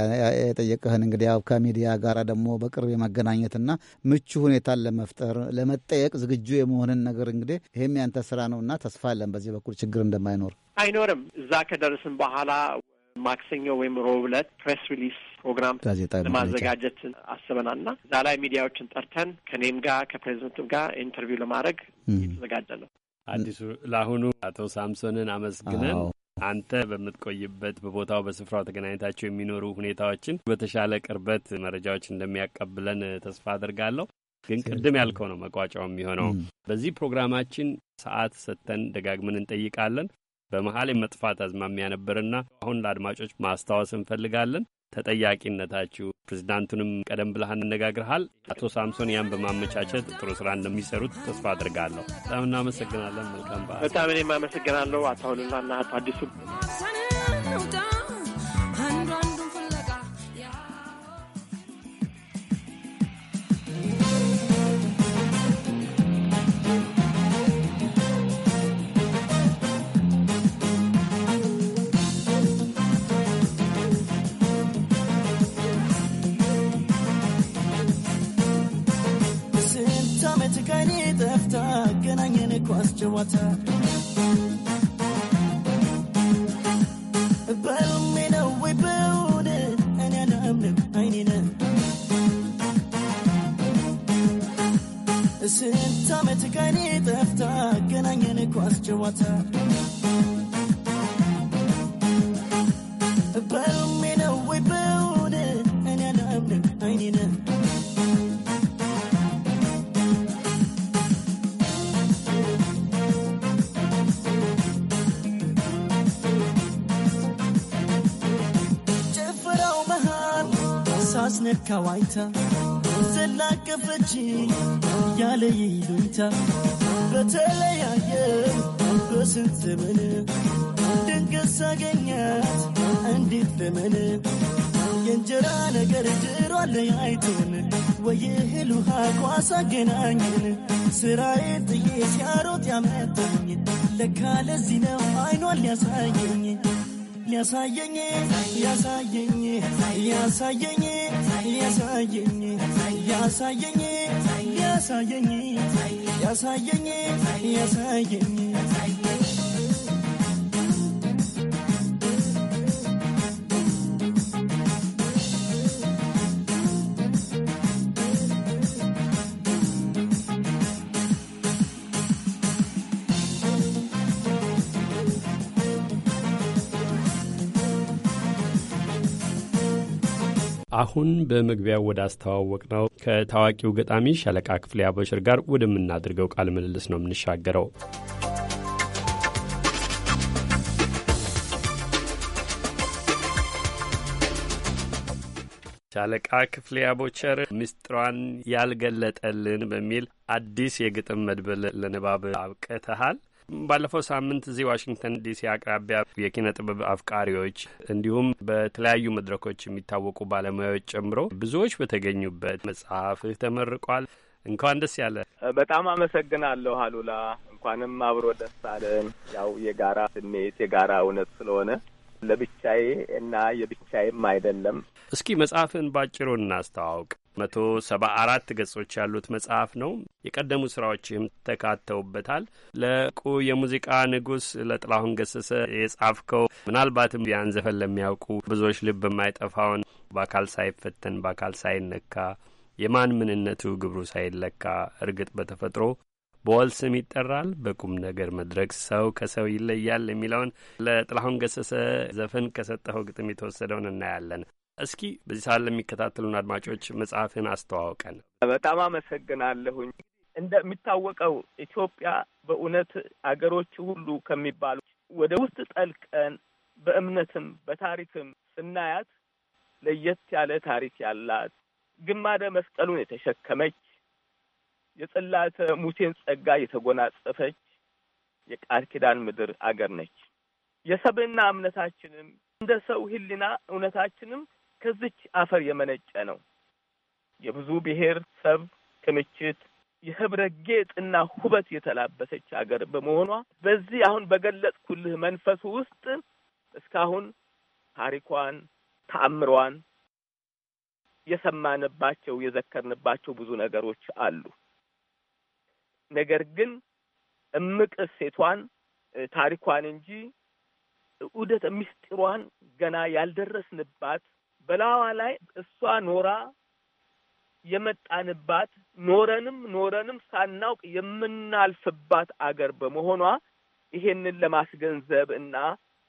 የጠየቀህን እንግዲህ ያው ከሚዲያ ጋር ደግሞ በቅርብ የማገናኘትና ምቹ ሁኔታን ለመፍጠር ለመጠየቅ ዝግጁ የመሆንን ነገር እንግዲህ ይህም ያንተ ስራ ነው እና ተስፋ አለን በዚህ በኩል ችግር እንደማይኖር አይኖርም። እዛ ከደረስን በኋላ ማክሰኞ ወይም ሮብ ዕለት ፕሬስ ሪሊስ ፕሮግራም ለማዘጋጀት አስበናልና እዛ ላይ ሚዲያዎችን ጠርተን ከኔም ጋር ከፕሬዚደንትም ጋር ኢንተርቪው ለማድረግ የተዘጋጀ ነው። አዲሱ ለአሁኑ አቶ ሳምሶንን አመስግነን አንተ በምትቆይበት በቦታው በስፍራው ተገናኝታቸው የሚኖሩ ሁኔታዎችን በተሻለ ቅርበት መረጃዎች እንደሚያቀብለን ተስፋ አድርጋለሁ። ግን ቅድም ያልከው ነው መቋጫው የሚሆነው። በዚህ ፕሮግራማችን ሰዓት ሰጥተን ደጋግመን እንጠይቃለን። በመሀል የመጥፋት አዝማሚያ ነበርና አሁን ለአድማጮች ማስታወስ እንፈልጋለን። ተጠያቂነታችሁ ፕሬዚዳንቱንም ቀደም ብለህ አነጋግርሃል። አቶ ሳምሶን ያን በማመቻቸት ጥሩ ስራ እንደሚሰሩት ተስፋ አድርጋለሁ። በጣም እናመሰግናለን። መልካም በዓል። በጣም እኔም አመሰግናለሁ አቶ አሉላና አቶ አዲሱ ከኔ ጠፍታ አገናኘን ኳስ ጨዋታ በህልሜ ነው ወይ በእውነት እኔ አላምንም አይኔነ ስንት ዓመት ከኔ ጠፍታ አገናኘን ኳስ ጨዋታ ተዋይታ ዘላቀፈች ያለ ይሉኝታ በተለያየ በስንት ዘመን ድንገት ሳገኛት እንዴት በመን የእንጀራ ነገር ድሮ ለያይቶን ወይ እህል ውሃ ኳስ አገናኘን ስራዬ ጥዬ ሲያሮጥ ያመጠኝ ለካ ለዚህ ነው አይኗን ሊያሳየኝ ሊያሳየኝ ሊያሳየኝ ሊያሳየኝ ያሳየኝ አሁን በመግቢያው ወደ አስተዋወቅ ነው ከታዋቂው ገጣሚ ሻለቃ ክፍሌ አበሽር ጋር ወደምናደርገው ቃለ ምልልስ ነው የምንሻገረው። ሻለቃ ክፍሌ አቦቸር ምስጢሯን ያልገለጠልን በሚል አዲስ የግጥም መድብል ለንባብ አብቅተሃል። ባለፈው ሳምንት እዚህ ዋሽንግተን ዲሲ አቅራቢያ የኪነ ጥበብ አፍቃሪዎች እንዲሁም በተለያዩ መድረኮች የሚታወቁ ባለሙያዎች ጨምሮ ብዙዎች በተገኙበት መጽሐፍህ ተመርቋል። እንኳን ደስ ያለ። በጣም አመሰግናለሁ አሉላ። እንኳንም አብሮ ደስ አለን። ያው የጋራ ስሜት የጋራ እውነት ስለሆነ ለብቻዬ እና የብቻዬም አይደለም። እስኪ መጽሐፍን ባጭሩ እናስተዋውቅ። መቶ ሰባ አራት ገጾች ያሉት መጽሐፍ ነው። የቀደሙ ስራዎችህም ተካተውበታል። ለቁ የሙዚቃ ንጉስ ለጥላሁን ገሰሰ የጻፍከው ምናልባትም ያን ዘፈን ለሚያውቁ ብዙዎች ልብ የማይጠፋውን በአካል ሳይፈተን በአካል ሳይነካ የማን ምንነቱ ግብሩ ሳይለካ እርግጥ በተፈጥሮ በወል ስም ይጠራል በቁም ነገር መድረክ ሰው ከሰው ይለያል የሚለውን ለጥላሁን ገሰሰ ዘፈን ከሰጠኸው ግጥም የተወሰደውን እናያለን። እስኪ በዚህ ሰዓት ለሚከታተሉን አድማጮች መጽሐፍን አስተዋውቀን። በጣም አመሰግናለሁኝ። እንደሚታወቀው ኢትዮጵያ በእውነት አገሮች ሁሉ ከሚባሉ ወደ ውስጥ ጠልቀን በእምነትም በታሪክም ስናያት ለየት ያለ ታሪክ ያላት ግማደ መስቀሉን የተሸከመች የጽላተ ሙሴን ጸጋ የተጎናጸፈች የቃል ኪዳን ምድር አገር ነች። የሰብና እምነታችንም እንደ ሰው ሕሊና እውነታችንም ከዚች አፈር የመነጨ ነው። የብዙ ብሔር ሰብ ክምችት የህብረ ጌጥና ሁበት የተላበሰች አገር በመሆኗ በዚህ አሁን በገለጽኩልህ መንፈሱ ውስጥ እስካሁን ታሪኳን፣ ታምሯን የሰማንባቸው የዘከርንባቸው ብዙ ነገሮች አሉ። ነገር ግን እምቅ እሴቷን ታሪኳን እንጂ ዑደተ ምስጢሯን ገና ያልደረስንባት በላዋ ላይ እሷ ኖራ የመጣንባት ኖረንም ኖረንም ሳናውቅ የምናልፍባት አገር በመሆኗ ይሄንን ለማስገንዘብ እና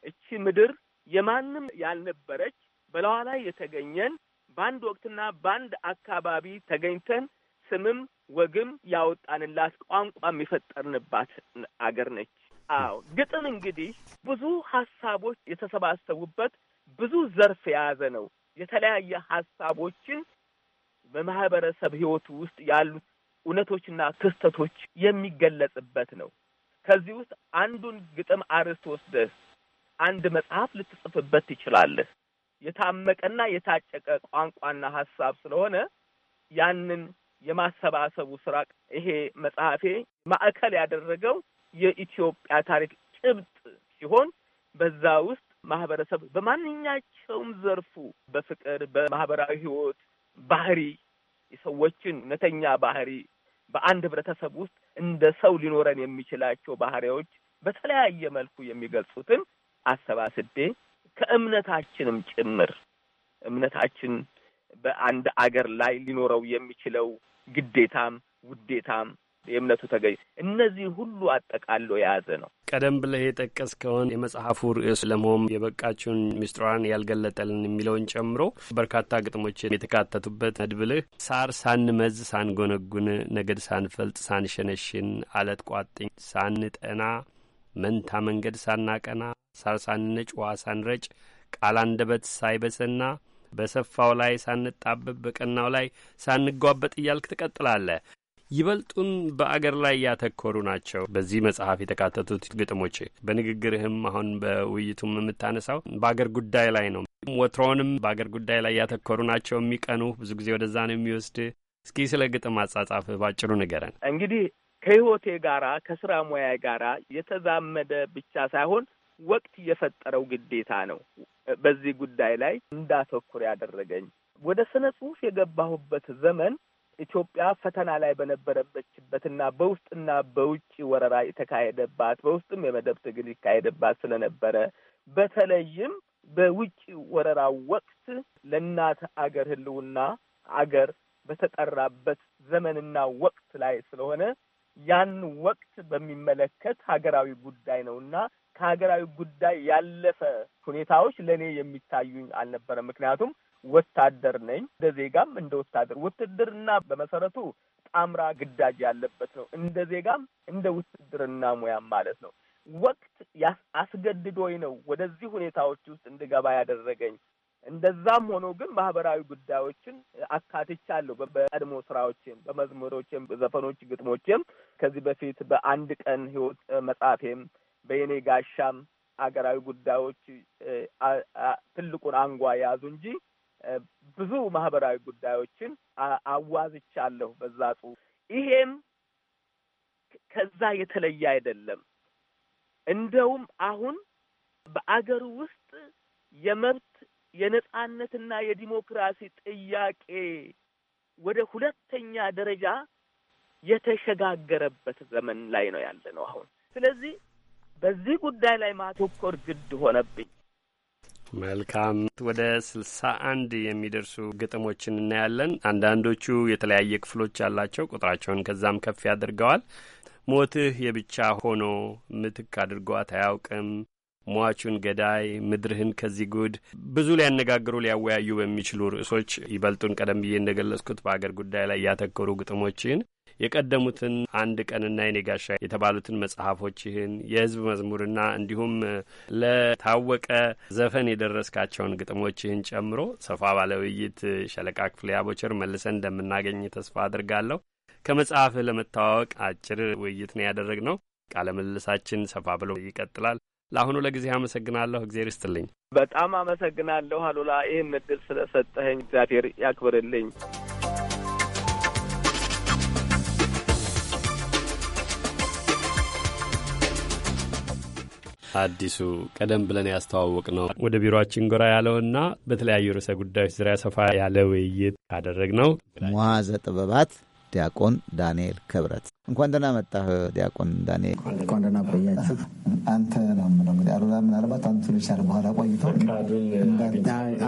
እቺ ምድር የማንም ያልነበረች በላዋ ላይ የተገኘን በአንድ ወቅትና በአንድ አካባቢ ተገኝተን ስምም ወግም ያወጣንላት ቋንቋም የፈጠርንባት አገር ነች። አዎ ግጥም እንግዲህ ብዙ ሀሳቦች የተሰባሰቡበት ብዙ ዘርፍ የያዘ ነው። የተለያየ ሀሳቦችን በማህበረሰብ ህይወቱ ውስጥ ያሉት እውነቶችና ክስተቶች የሚገለጽበት ነው። ከዚህ ውስጥ አንዱን ግጥም አርዕስት ወስደህ አንድ መጽሐፍ ልትጽፍበት ትችላለህ። የታመቀና የታጨቀ ቋንቋና ሀሳብ ስለሆነ ያንን የማሰባሰቡ ስራ ይሄ መጽሐፌ ማዕከል ያደረገው የኢትዮጵያ ታሪክ ጭብጥ ሲሆን በዛ ውስጥ ማህበረሰብ በማንኛቸውም ዘርፉ በፍቅር፣ በማህበራዊ ህይወት ባህሪ፣ የሰዎችን እውነተኛ ባህሪ በአንድ ህብረተሰብ ውስጥ እንደ ሰው ሊኖረን የሚችላቸው ባህሪዎች በተለያየ መልኩ የሚገልጹትን አሰባስዴ ከእምነታችንም ጭምር እምነታችን በአንድ አገር ላይ ሊኖረው የሚችለው ግዴታም ውዴታም የእምነቱ ተገኝ እነዚህ ሁሉ አጠቃሎ የያዘ ነው። ቀደም ብለህ የጠቀስከውን የመጽሐፉ ርዕስ ለመሆም የበቃችውን ሚስጥሯን ያልገለጠልን የሚለውን ጨምሮ በርካታ ግጥሞች የተካተቱበት መድብልህ ሳር ሳንመዝ ሳንጎነጉን፣ ነገድ ሳንፈልጥ ሳንሸነሽን፣ አለት ቋጥኝ ሳንጠና፣ መንታ መንገድ ሳናቀና፣ ሳር ሳንነጭ ውሃ ሳንረጭ፣ ቃል አንደበት ሳይበሰና በሰፋው ላይ ሳንጣበብ በቀናው ላይ ሳንጓበጥ እያልክ ትቀጥላለህ። ይበልጡን በአገር ላይ ያተኮሩ ናቸው በዚህ መጽሐፍ የተካተቱት ግጥሞች። በንግግርህም አሁን በውይይቱም የምታነሳው በአገር ጉዳይ ላይ ነው። ወትሮውንም በአገር ጉዳይ ላይ ያተኮሩ ናቸው የሚቀኑ ብዙ ጊዜ ወደዛ ነው የሚወስድ። እስኪ ስለ ግጥም አጻጻፍ ባጭሩ ንገረን። እንግዲህ ከህይወቴ ጋራ ከስራ ሙያ ጋራ የተዛመደ ብቻ ሳይሆን ወቅት የፈጠረው ግዴታ ነው በዚህ ጉዳይ ላይ እንዳተኩር ያደረገኝ። ወደ ስነ ጽሁፍ የገባሁበት ዘመን ኢትዮጵያ ፈተና ላይ በነበረበችበትና በውስጥና በውጭ ወረራ የተካሄደባት በውስጥም የመደብ ትግል ይካሄደባት ስለነበረ በተለይም በውጭ ወረራ ወቅት ለእናት አገር ሕልውና አገር በተጠራበት ዘመንና ወቅት ላይ ስለሆነ ያን ወቅት በሚመለከት ሀገራዊ ጉዳይ ነው እና ከሀገራዊ ጉዳይ ያለፈ ሁኔታዎች ለእኔ የሚታዩኝ አልነበረም። ምክንያቱም ወታደር ነኝ። እንደ ዜጋም እንደ ወታደር ውትድርና በመሰረቱ ጣምራ ግዳጅ ያለበት ነው። እንደ ዜጋም እንደ ውትድርና ሙያም ማለት ነው። ወቅት አስገድዶኝ ነው ወደዚህ ሁኔታዎች ውስጥ እንድገባ ያደረገኝ። እንደዛም ሆኖ ግን ማህበራዊ ጉዳዮችን አካትቻለሁ። በቀድሞ ስራዎችም፣ በመዝሙሮችም፣ በዘፈኖች ግጥሞችም፣ ከዚህ በፊት በአንድ ቀን ህይወት መጽሐፌም፣ በየኔ ጋሻም አገራዊ ጉዳዮች ትልቁን አንጓ የያዙ እንጂ ብዙ ማህበራዊ ጉዳዮችን አዋዝቻለሁ በዛ ጽሁፍ። ይሄም ከዛ የተለየ አይደለም። እንደውም አሁን በአገር ውስጥ የመብት የነጻነትና የዲሞክራሲ ጥያቄ ወደ ሁለተኛ ደረጃ የተሸጋገረበት ዘመን ላይ ነው ያለ ነው አሁን። ስለዚህ በዚህ ጉዳይ ላይ ማተኮር ግድ ሆነብኝ። መልካም ወደ ስልሳ አንድ የሚደርሱ ግጥሞችን እናያለን። አንዳንዶቹ የተለያየ ክፍሎች ያላቸው ቁጥራቸውን ከዛም ከፍ ያደርገዋል። ሞትህ የብቻ ሆኖ ምትክ አድርጓት አያውቅም ሟቹን ገዳይ ምድርህን ከዚህ ጉድ ብዙ ሊያነጋግሩ ሊያወያዩ በሚችሉ ርዕሶች ይበልጡን ቀደም ብዬ እንደገለጽኩት በአገር ጉዳይ ላይ ያተኮሩ ግጥሞችን የቀደሙትን አንድ ቀንና የኔ ጋሻ የተባሉትን መጽሐፎችህን የህዝብ መዝሙርና እንዲሁም ለታወቀ ዘፈን የደረስካቸውን ግጥሞችህን ጨምሮ ሰፋ ባለ ውይይት ሸለቃ ክፍሌ አቦቸር መልሰን እንደምናገኝ ተስፋ አድርጋለሁ። ከመጽሐፍህ ለመተዋወቅ አጭር ውይይት ነው ነው። ቃለ ምልልሳችን ሰፋ ብሎ ይቀጥላል። ለአሁኑ ለጊዜ አመሰግናለሁ። እግዜር ይስጥልኝ። በጣም አመሰግናለሁ አሉላ፣ ይህን እድል ስለሰጠኸኝ እግዚአብሔር ያክብርልኝ። አዲሱ ቀደም ብለን ያስተዋወቅ ነው ወደ ቢሮችን ጎራ ያለውና በተለያዩ ርዕሰ ጉዳዮች ዙሪያ ሰፋ ያለ ውይይት ካደረግ ነው ሙዋዘ ጥበባት ዲያቆን ዳንኤል ክብረት እንኳን ደህና መጣህ። ዲያቆን ዳንኤል እንኳን ደህና ቆያችሁ። አንተ ነው የምለው እንግዲህ አሉላ፣ ምናልባት አንቱ ልሻል በኋላ ቆይቶ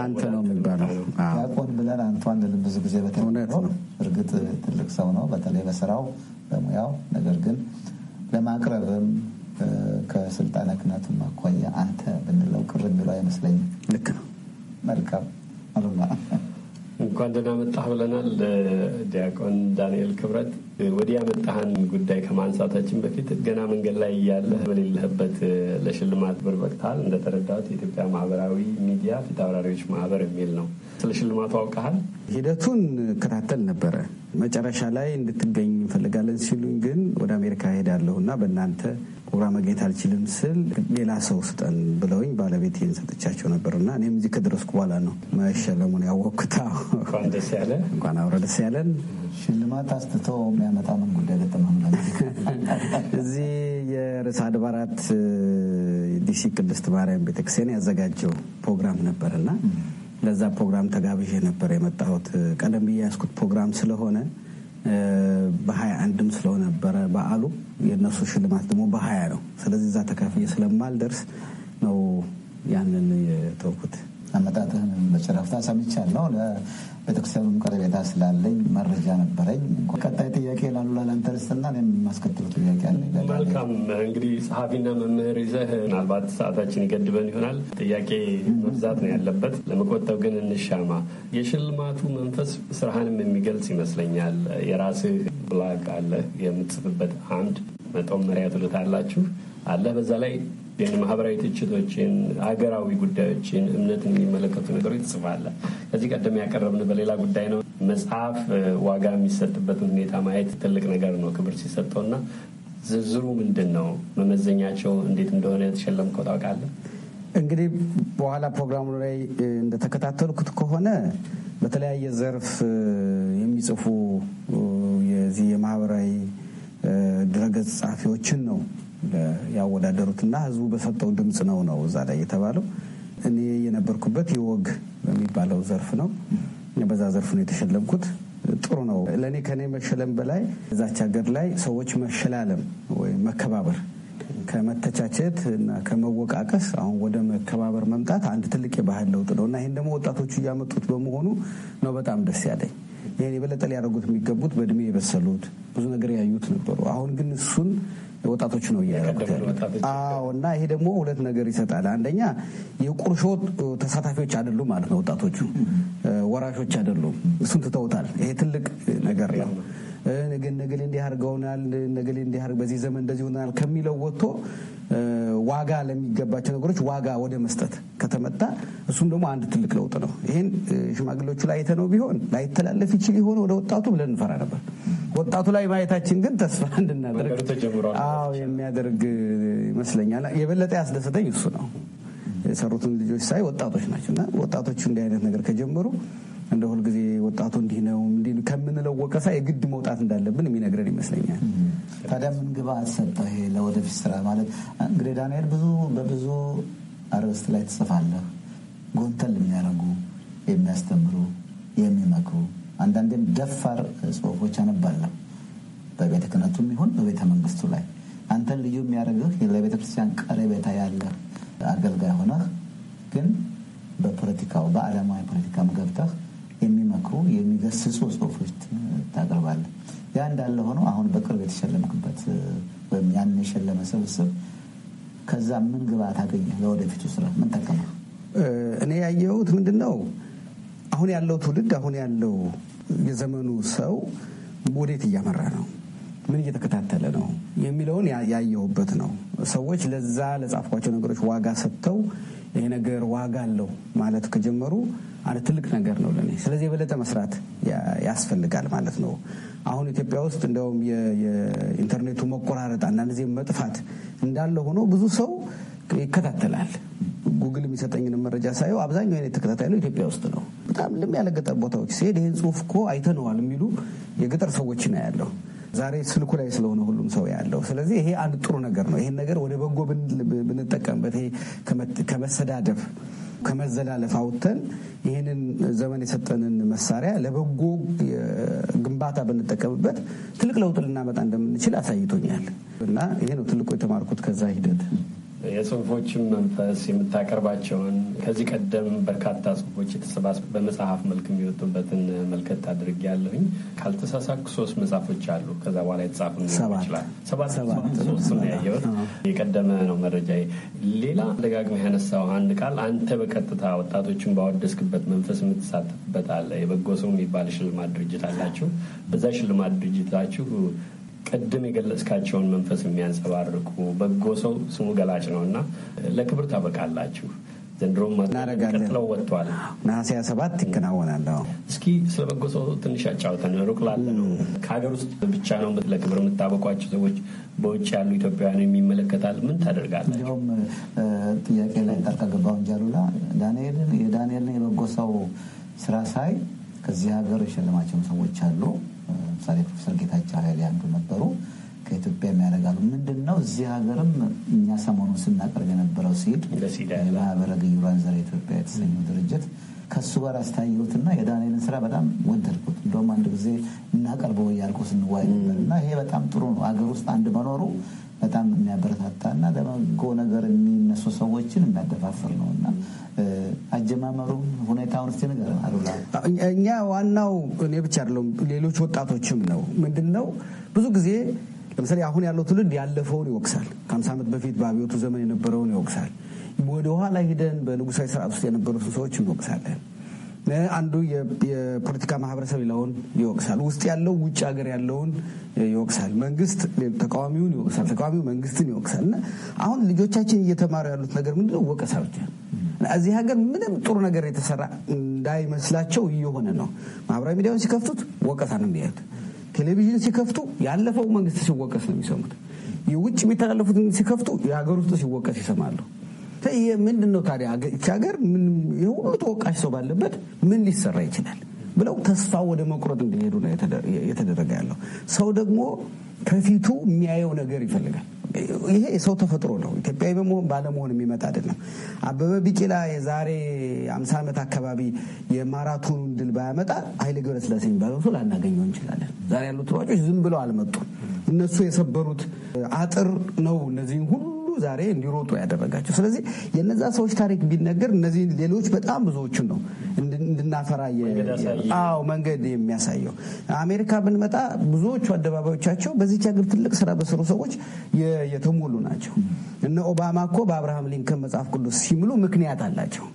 አንተ ነው የሚባለው ዲያቆን ብለን አንቱ አንድ ብዙ ጊዜ በተነት ነው። እርግጥ ትልቅ ሰው ነው፣ በተለይ በስራው በሙያው ነገር ግን ለማቅረብም ከስልጣን ክናቱም አኳያ አንተ ብንለው ቅር የሚለው አይመስለኝም። ልክ ነው። መልካም አሉላ እንኳን ደህና መጣህ ብለናል። ዲያቆን ዳንኤል ክብረት፣ ወዲህ ያመጣህን ጉዳይ ከማንሳታችን በፊት ገና መንገድ ላይ እያለህ በሌለህበት ለሽልማት ብር በቅታል እንደተረዳሁት የኢትዮጵያ ማህበራዊ ሚዲያ ፊት አውራሪዎች ማህበር የሚል ነው። ስለ ሽልማቱ አውቀሃል? ሂደቱን እከታተል ነበረ። መጨረሻ ላይ እንድትገኝ እንፈልጋለን ሲሉኝ ግን ወደ አሜሪካ ሄዳለሁ እና በእናንተ ፕሮግራም መገኘት አልችልም ስል ሌላ ሰው ስጠን ብለውኝ ባለቤት ሰጥቻቸው ነበር እና እኔም እዚህ ከደረስኩ በኋላ ነው መሸለሙን ያወቅኩት። እንኳን ደስ ያለ እንኳን አብሮ ደስ ያለን። ሽልማት አስትቶ የሚያመጣ ምን ጉዳይ ገጠመን? እዚህ የርዕሰ አድባራት ዲሲ ቅድስት ማርያም ቤተክርስቲያን ያዘጋጀው ፕሮግራም ነበርና ለዛ ፕሮግራም ተጋብዤ ነበር የመጣሁት። ቀደም ብዬ ያስኩት ፕሮግራም ስለሆነ በሀያ አንድም ስለነበረ በዓሉ የእነሱ ሽልማት ደግሞ በሀያ ነው። ስለዚህ እዛ ተካፍዬ ስለማልደርስ ነው ያንን የተውኩት። አመጣጥህን በጨረፍታ ሰምቻለሁ። ለቤተክርስቲያኑም ቀረቤታ ስላለኝ መረጃ ነበረኝ። ቀጣይ ጥያቄ ላሉላ ላንተ ልስጥና ጥያቄ አለ። መልካም እንግዲህ ጸሐፊና መምህር ይዘህ ምናልባት ሰዓታችን ይገድበን ይሆናል። ጥያቄ መብዛት ነው ያለበት፣ ለመቆጠብ ግን እንሻማ። የሽልማቱ መንፈስ ስራህንም የሚገልጽ ይመስለኛል። የራስህ ብላክ አለ የምትጽፍበት አንድ መጠመሪያ ትሉታላችሁ አለ በዛ ላይ ማህበራዊ ትችቶችን፣ ሀገራዊ ጉዳዮችን፣ እምነትን የሚመለከቱ ነገሮች ትጽፋለህ። ከዚህ ቀደም ያቀረብን በሌላ ጉዳይ ነው። መጽሐፍ ዋጋ የሚሰጥበትን ሁኔታ ማየት ትልቅ ነገር ነው፣ ክብር ሲሰጠውና ዝርዝሩ ምንድን ነው? መመዘኛቸው እንዴት እንደሆነ የተሸለምከው ታውቃለህ? እንግዲህ በኋላ ፕሮግራሙ ላይ እንደተከታተልኩት ከሆነ በተለያየ ዘርፍ የሚጽፉ የዚህ የማህበራዊ ድረገጽ ጸሐፊዎችን ነው ያወዳደሩትና ህዝቡ በሰጠው ድምፅ ነው ነው እዛ ላይ የተባለው። እኔ የነበርኩበት የወግ በሚባለው ዘርፍ ነው። በዛ ዘርፍ ነው የተሸለምኩት። ጥሩ ነው ለእኔ ከእኔ መሸለም በላይ እዛች ሀገር ላይ ሰዎች መሸላለም ወይም መከባበር ከመተቻቸት እና ከመወቃቀስ አሁን ወደ መከባበር መምጣት አንድ ትልቅ የባህል ለውጥ ነው እና ይህን ደግሞ ወጣቶቹ እያመጡት በመሆኑ ነው በጣም ደስ ያለኝ። የበለጠ ሊያደርጉት የሚገቡት በእድሜ የበሰሉት ብዙ ነገር ያዩት ነበሩ። አሁን ግን እሱን ወጣቶቹ ነው እያደረጉት ያለው እና ይሄ ደግሞ ሁለት ነገር ይሰጣል። አንደኛ የቁርሾ ተሳታፊዎች አይደሉም ማለት ነው። ወጣቶቹ ወራሾች አይደሉም። እሱን ትተውታል። ይሄ ትልቅ ነገር ነው። ነገሌ እንዲህ አድርገውናል፣ ነገሌ እንዲህ አድርገው በዚህ ዘመን እንደዚህ ሆናል ከሚለው ወጥቶ ዋጋ ለሚገባቸው ነገሮች ዋጋ ወደ መስጠት ከተመጣ እሱም ደግሞ አንድ ትልቅ ለውጥ ነው። ይህን ሽማግሌዎቹ ላይ አይተነው ቢሆን ላይተላለፍ ይችል የሆነ ወደ ወጣቱ ብለን እንፈራ ነበር። ወጣቱ ላይ ማየታችን ግን ተስፋ እንድናደርግ አዎ የሚያደርግ ይመስለኛል። የበለጠ ያስደሰተኝ እሱ ነው። የሰሩትን ልጆች ሳይ ወጣቶች ናቸው እና ወጣቶቹ እንዲህ አይነት ነገር ከጀመሩ እንደ ሁልጊዜ ወጣቱ እንዲህ ነው ከምንለው ወቀሳ የግድ መውጣት እንዳለብን የሚነግረን ይመስለኛል። ታዲያ ምን ግባ ሰጠ ይሄ ለወደፊት ስራ ማለት እንግዲህ ዳንኤል ብዙ በብዙ አርዕስት ላይ ትጽፋለህ። ጎንተል የሚያደርጉ የሚያስተምሩ፣ የሚመክሩ አንዳንዴም ደፋር ጽሁፎች አነባለሁ በቤተ ክህነቱም ይሁን በቤተ መንግስቱ ላይ አንተን ልዩ የሚያደርግህ ለቤተ ክርስቲያን ቀረቤታ ያለ አገልጋይ ሆነህ ግን በፖለቲካው በዓለማዊ ፖለቲካም ገብተህ የሚመክሩ የሚገስጹ ጽሁፎች ታቀርባለ። ያ እንዳለ ሆኖ አሁን በቅርብ የተሸለምክበት ወይም ያን የሸለመ ስብስብ ከዛ ምን ግብዓት አገኘ? ለወደፊቱ ስራ ምን ጠቀመ? እኔ ያየሁት ምንድን ነው፣ አሁን ያለው ትውልድ አሁን ያለው የዘመኑ ሰው ወዴት እያመራ ነው፣ ምን እየተከታተለ ነው የሚለውን ያየሁበት ነው። ሰዎች ለዛ ለጻፍኳቸው ነገሮች ዋጋ ሰጥተው ይሄ ነገር ዋጋ አለው ማለት ከጀመሩ አለ ትልቅ ነገር ነው ለኔ። ስለዚህ የበለጠ መስራት ያስፈልጋል ማለት ነው። አሁን ኢትዮጵያ ውስጥ እንደውም የኢንተርኔቱ መቆራረጥ አንዳንድ ጊዜ መጥፋት እንዳለ ሆኖ ብዙ ሰው ይከታተላል። ጉግል የሚሰጠኝንም መረጃ ሳየው አብዛኛው አይነት ተከታታይ ኢትዮጵያ ውስጥ ነው። በጣም ለም ያለ ገጠር ቦታዎች ሲሄድ ይህን ጽሁፍ እኮ አይተነዋል የሚሉ የገጠር ሰዎች ነው ያለው ዛሬ ስልኩ ላይ ስለሆነ ሁሉም ሰው ያለው። ስለዚህ ይሄ አንድ ጥሩ ነገር ነው። ይሄን ነገር ወደ በጎ ብንጠቀምበት ይሄ ከመሰዳደብ ከመዘላለፍ አውጥተን ይህንን ዘመን የሰጠንን መሳሪያ ለበጎ ግንባታ ብንጠቀምበት ትልቅ ለውጥ ልናመጣ እንደምንችል አሳይቶኛል እና ይሄ ነው ትልቁ የተማርኩት ከዛ ሂደት የጽሁፎችን መንፈስ የምታቀርባቸውን ከዚህ ቀደም በርካታ ጽሁፎች በመጽሐፍ መልክ የሚወጡበትን መልከት አድርጌ ያለሁኝ ካልተሳሳኩ ሶስት መጽሐፎች አሉ። ከዛ በኋላ የተጻፉ ይችላል ሰባት ሶስት ነው ያየሁት። የቀደመ ነው መረጃ። ሌላ ደጋግመህ ያነሳው አንድ ቃል አንተ በቀጥታ ወጣቶችን ባወደስክበት መንፈስ የምትሳተፍበት አለ። የበጎ ሰው የሚባል ሽልማት ድርጅት አላችሁ። በዛ ሽልማት ድርጅታችሁ ቅድም የገለጽካቸውን መንፈስ የሚያንጸባርቁ በጎ ሰው ስሙ ገላጭ ነው እና ለክብር ታበቃላችሁ። ዘንድሮም ቀጥለው ወጥቷል። ነሐሴ ሰባት ይከናወናል። እስኪ ስለ በጎ ሰው ትንሽ ያጫውተን። ሩቅ ላለ ነው ከሀገር ውስጥ ብቻ ነው ለክብር የምታበቋቸው ሰዎች በውጭ ያሉ ኢትዮጵያውያን የሚመለከታል። ምን ታደርጋለህ? እንዲሁም ጥያቄ ላይ ጣልቃ ገባሁ እንጂ አሉላ ዳንኤልን የዳንኤልን የበጎ ሰው ስራ ሳይ ከዚህ ሀገር የሸለማቸውም ሰዎች አሉ። ለምሳሌ ፕሮፌሰር ጌታቸው ኃይሌ አንዱ ነበሩ። ከኢትዮጵያ የሚያደርጋሉ ምንድን ነው? እዚህ ሀገርም እኛ ሰሞኑን ስናቀርብ የነበረው ሲል ማህበረ ግዩራን ዘረ ኢትዮጵያ የተሰኘው ድርጅት ከእሱ ጋር አስተያየሁትና የዳንኤልን ስራ በጣም ወደድኩት። እንደውም አንድ ጊዜ እናቀርበው እያልኩ ስንዋይ ነበር እና ይሄ በጣም ጥሩ ነው። ሀገር ውስጥ አንድ መኖሩ በጣም የሚያበረታታ እና ለበጎ ነገር የሚነሱ ሰዎችን የሚያደፋፍር ነው እና አጀማመሩ ሁኔታውን ስ ነገር አሉላ። እኛ ዋናው እኔ ብቻ አይደለም ሌሎች ወጣቶችም ነው ምንድን ነው ብዙ ጊዜ ለምሳሌ አሁን ያለው ትውልድ ያለፈውን ይወቅሳል። ከአምሳ ዓመት በፊት በአብዮቱ ዘመን የነበረውን ይወቅሳል። ወደ ኋላ ሂደን በንጉሳዊ ስርዓት ውስጥ የነበሩትን ሰዎች እንወቅሳለን። አንዱ የፖለቲካ ማህበረሰብ ይለውን ይወቅሳል። ውስጥ ያለው ውጭ ሀገር ያለውን ይወቅሳል። መንግስት ተቃዋሚውን ይወቅሳል። ተቃዋሚው መንግስትን ይወቅሳል። እና አሁን ልጆቻችን እየተማሩ ያሉት ነገር ምንድነው? ወቀሳ ብቻ። እዚህ ሀገር ምንም ጥሩ ነገር የተሰራ እንዳይመስላቸው እየሆነ ነው። ማህበራዊ ሚዲያውን ሲከፍቱት ወቀሳ ነው የሚያዩት። ቴሌቪዥን ሲከፍቱ ያለፈው መንግስት ሲወቀስ ነው የሚሰሙት። የውጭ የሚተላለፉትን ሲከፍቱ የሀገር ውስጥ ሲወቀስ ይሰማሉ። ምንድን ነው ታዲያ ይቺ ሀገር የሁሉ ተወቃሽ ሰው ባለበት ምን ሊሰራ ይችላል ብለው ተስፋ ወደ መቁረጥ እንዲሄዱ ነው የተደረገ ያለው። ሰው ደግሞ ከፊቱ የሚያየው ነገር ይፈልጋል። ይሄ የሰው ተፈጥሮ ነው። ኢትዮጵያዊ በመሆን ባለመሆን የሚመጣ አይደለም። አበበ ቢቂላ የዛሬ አምሳ ዓመት አካባቢ የማራቶኑን ድል ባያመጣ ኃይሌ ገብረስላሴ የሚባለው ሰው ላናገኘው እንችላለን። ዛሬ ያሉት ሯጮች ዝም ብለው አልመጡም። እነሱ የሰበሩት አጥር ነው እነዚህን ሁሉ ዛሬ እንዲሮጡ ያደረጋቸው። ስለዚህ የነዛ ሰዎች ታሪክ ቢነገር እነዚህ ሌሎች በጣም ብዙዎቹን ነው እንድናፈራ አዎ መንገድ የሚያሳየው። አሜሪካ ብንመጣ ብዙዎቹ አደባባዮቻቸው በዚች ሀገር ትልቅ ስራ በሰሩ ሰዎች የተሞሉ ናቸው። እነ ኦባማ እኮ በአብርሃም ሊንከን መጽሐፍ ቅዱስ ሲምሉ ምክንያት አላቸው።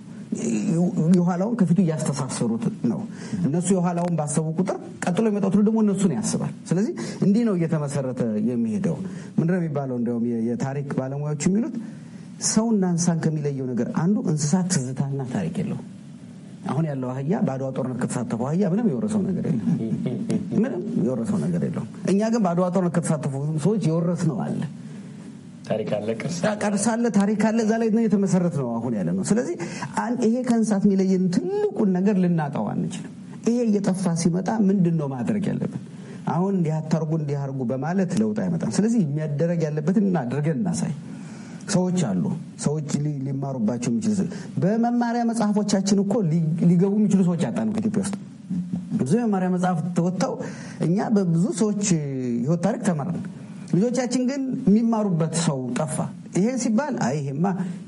የኋላውን ከፊቱ እያስተሳሰሩት ነው። እነሱ የኋላውን ባሰቡ ቁጥር ቀጥሎ የሚመጣው ትውልድ ደግሞ እነሱን ያስባል። ስለዚህ እንዲህ ነው እየተመሰረተ የሚሄደው። ምንድን ነው የሚባለው? እንዲያውም የታሪክ ባለሙያዎች የሚሉት ሰውና እንስሳን ከሚለየው ነገር አንዱ እንስሳት ትዝታና ታሪክ የለው አሁን ያለው አህያ በአድዋ ጦርነት ከተሳተፈው አህያ ምንም የወረሰው ነገር የለም። ምንም የወረሰው ነገር የለውም። እኛ ግን በአድዋ ጦርነት ከተሳተፉ ሰዎች የወረስ ነው አለ ቅርስ አለ፣ ታሪክ አለ። እዛ ላይ የተመሰረት ነው አሁን ያለ ነው። ስለዚህ ይሄ ከእንስሳት የሚለየን ትልቁን ነገር ልናጣው አንችልም። ይሄ እየጠፋ ሲመጣ ምንድን ነው ማድረግ ያለብን? አሁን እንዲህ እንዲያርጉ በማለት ለውጥ አይመጣም። ስለዚህ የሚያደረግ ያለበትን እናድርገን እናሳይ። ሰዎች አሉ፣ ሰዎች ሊማሩባቸው የሚችሉ በመማሪያ መጽሐፎቻችን እኮ ሊገቡ የሚችሉ ሰዎች አጣን ኢትዮጵያ ውስጥ ብዙ የመማሪያ መጽሐፍ ተወጥተው እኛ በብዙ ሰዎች ህይወት ታሪክ ተመራን። ልጆቻችን ግን የሚማሩበት ሰው ጠፋ። ይሄ ሲባል አይ ይሄማ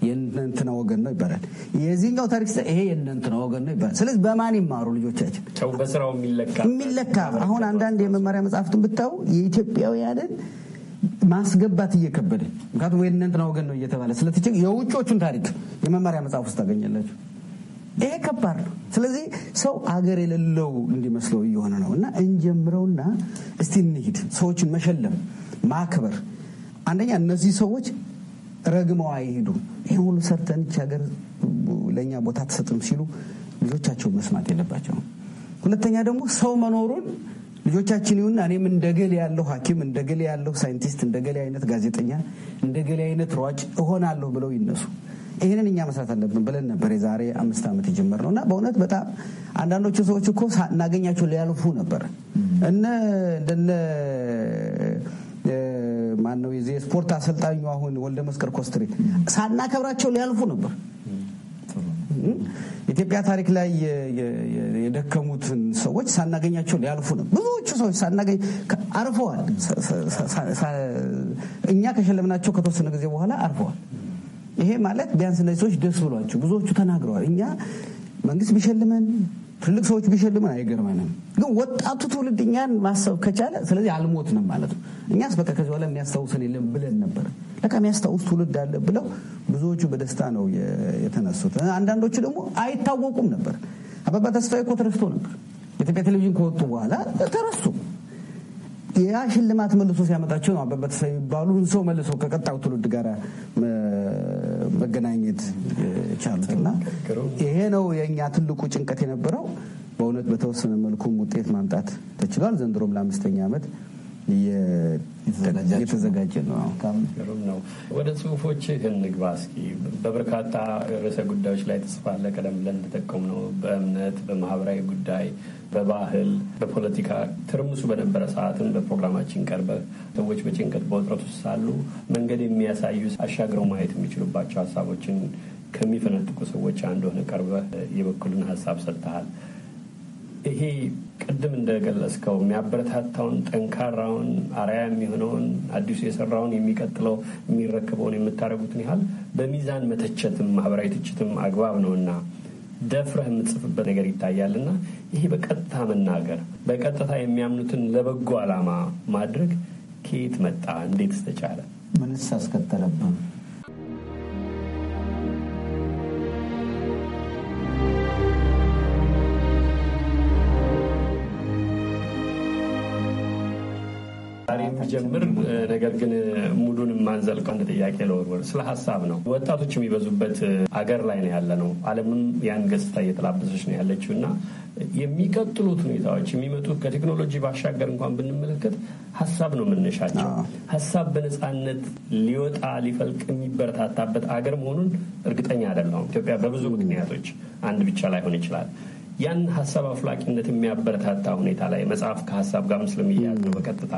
የእነንትና ወገን ነው ይባላል። የዚህኛው ታሪክ ይሄ የእነንትና ወገን ነው ይባላል። ስለዚህ በማን ይማሩ ልጆቻችን? በስራው የሚለካ አሁን አንዳንድ የመማሪያ መጽሐፍትን ብታው የኢትዮጵያውያንን ማስገባት እየከበደ ምክንያቱም የእነንትና ወገን ነው እየተባለ ስለትችግ የውጮቹን ታሪክ የመማሪያ መጽሐፍ ውስጥ ታገኛላችሁ። ይሄ ከባድ ነው። ስለዚህ ሰው አገር የሌለው እንዲመስለው እየሆነ ነው እና እንጀምረውና እስቲ እንሂድ ሰዎችን መሸለም ማክበር አንደኛ እነዚህ ሰዎች ረግመው አይሄዱም። ይህን ሁሉ ሰርተን ይህች ሀገር ለእኛ ቦታ አትሰጥም ሲሉ ልጆቻቸው መስማት የለባቸውም። ሁለተኛ ደግሞ ሰው መኖሩን ልጆቻችን ይሁን እኔም እንደገሌ ያለው ሐኪም እንደገሌ ያለው ሳይንቲስት እንደገሌ አይነት ጋዜጠኛ እንደገሌ አይነት ሯጭ እሆናለሁ ብለው ይነሱ። ይህንን እኛ መስራት አለብን ብለን ነበር የዛሬ አምስት ዓመት ነው እና በእውነት በጣም አንዳንዶቹ ሰዎች እኮ እናገኛቸው ሊያልፉ ነበር እነ ነው የዚህ የስፖርት አሰልጣኙ አሁን ወልደ መስቀል ኮስትሬ ሳናከብራቸው ሊያልፉ ነበር። ኢትዮጵያ ታሪክ ላይ የደከሙትን ሰዎች ሳናገኛቸው ሊያልፉ ነው። ብዙዎቹ ሰዎች ሳናገኝ አርፈዋል። እኛ ከሸለምናቸው ከተወሰነ ጊዜ በኋላ አርፈዋል። ይሄ ማለት ቢያንስ እነዚህ ሰዎች ደስ ብሏቸው ብዙዎቹ ተናግረዋል። እኛ መንግስት ቢሸልመን ትልቅ ሰዎች ቢሸልምን አይገርመንም። ግን ወጣቱ ትውልድ እኛን ማሰብ ከቻለ ስለዚህ አልሞትንም ማለት ነው። እኛስ በቃ ከዚህ በኋላ የሚያስታውሰን የለም ብለን ነበር። ለካ የሚያስታውስ ትውልድ አለ ብለው ብዙዎቹ በደስታ ነው የተነሱት። አንዳንዶቹ ደግሞ አይታወቁም ነበር። አባባ ተስፋዬ እኮ ተረስቶ ነበር። የኢትዮጵያ ቴሌቪዥን ከወጡ በኋላ ተረሱ። ያ ሽልማት መልሶ ሲያመጣቸው ነው አባባ ተስፋዬ የሚባሉን ሰው መልሶ ከቀጣዩ ትውልድ ጋር መገናኘት ቻሉት እና ይሄ ነው የእኛ ትልቁ ጭንቀት የነበረው። በእውነት በተወሰነ መልኩም ውጤት ማምጣት ተችሏል። ዘንድሮም ለአምስተኛ ዓመት እየተዘጋጀ ነው። ወደ ጽሁፎች እንግባ እስኪ። በበርካታ ርዕሰ ጉዳዮች ላይ ተጽፋለ ቀደም ብለን እንደጠቀሙ ነው በእምነት፣ በማህበራዊ ጉዳይ፣ በባህል፣ በፖለቲካ ትርምሱ በነበረ ሰዓትም በፕሮግራማችን ቀርበ ሰዎች በጭንቀት በውጥረት ውስጥ ሳሉ መንገድ የሚያሳዩ አሻግረው ማየት የሚችሉባቸው ሀሳቦችን ከሚፈነጥቁ ሰዎች አንዱ ሆነ ቀርበ የበኩልን ሀሳብ ሰጥተሃል። ይሄ ቅድም እንደገለጽከው የሚያበረታታውን ጠንካራውን አርያ የሚሆነውን አዲሱ የሰራውን የሚቀጥለው የሚረክበውን የምታደርጉትን ያህል በሚዛን መተቸትም ማህበራዊ ትችትም አግባብ ነውና ደፍረህ የምትጽፍበት ነገር ይታያል ይሄ በቀጥታ መናገር በቀጥታ የሚያምኑትን ለበጎ ዓላማ ማድረግ ከየት መጣ? እንዴት ስተቻለ? ምንስ አስከተለብን? ጥንካሬ ብጀምር ነገር ግን ሙሉን የማንዘልቀው አንድ ጥያቄ ለወርወር ስለ ሀሳብ ነው። ወጣቶች የሚበዙበት አገር ላይ ነው ያለ ነው። ዓለምም ያን ገጽታ እየተላበሰች ነው ያለችው እና የሚቀጥሉት ሁኔታዎች የሚመጡት ከቴክኖሎጂ ባሻገር እንኳን ብንመለከት ሀሳብ ነው መነሻቸው። ሀሳብ በነፃነት ሊወጣ ሊፈልቅ የሚበረታታበት አገር መሆኑን እርግጠኛ አይደለሁም። ኢትዮጵያ በብዙ ምክንያቶች አንድ ብቻ ላይሆን ይችላል። ያን ሀሳብ አፍላቂነት የሚያበረታታ ሁኔታ ላይ መጽሐፍ ከሀሳብ ጋር ስለሚያያዝ ነው በቀጥታ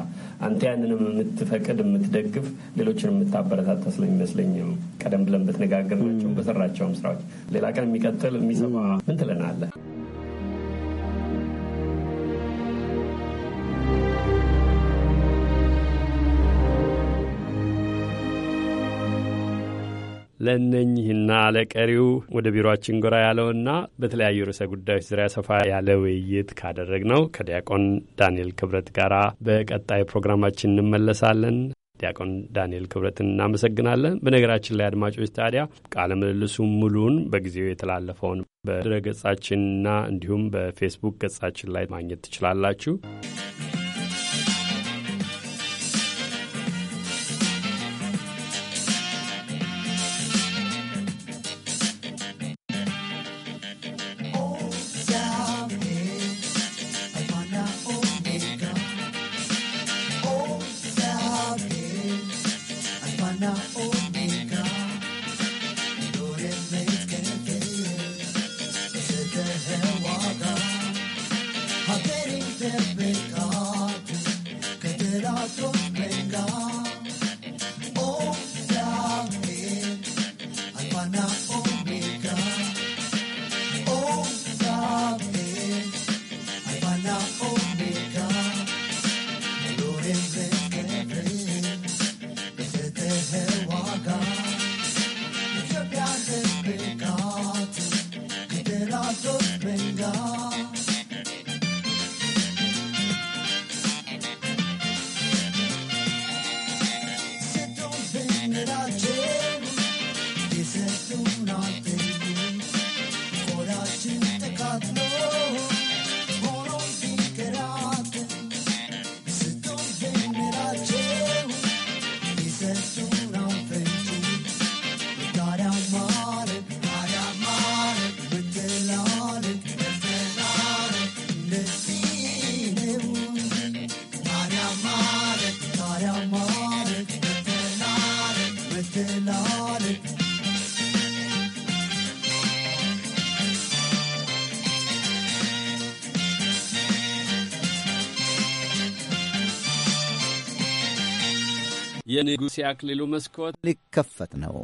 አንተ ያንንም የምትፈቅድ የምትደግፍ፣ ሌሎችን የምታበረታታ ስለሚመስለኝም ቀደም ብለን በተነጋገርናቸው በሰራቸውም ስራዎች ሌላ ቀን የሚቀጥል የሚሰማ ምን ትለናለህ? ለእነኝህና ለቀሪው ወደ ቢሮችን ጎራ ያለውና በተለያዩ ርዕሰ ጉዳዮች ዙሪያ ሰፋ ያለ ውይይት ካደረግ ነው ከዲያቆን ዳንኤል ክብረት ጋር በቀጣይ ፕሮግራማችን እንመለሳለን። ዲያቆን ዳንኤል ክብረትን እናመሰግናለን። በነገራችን ላይ አድማጮች ታዲያ ቃለ ምልልሱ ሙሉውን በጊዜው የተላለፈውን በድረ ገጻችንና እንዲሁም በፌስቡክ ገጻችን ላይ ማግኘት ትችላላችሁ። የንጉሴ አክሊሉ መስኮት ሊከፈት ነው።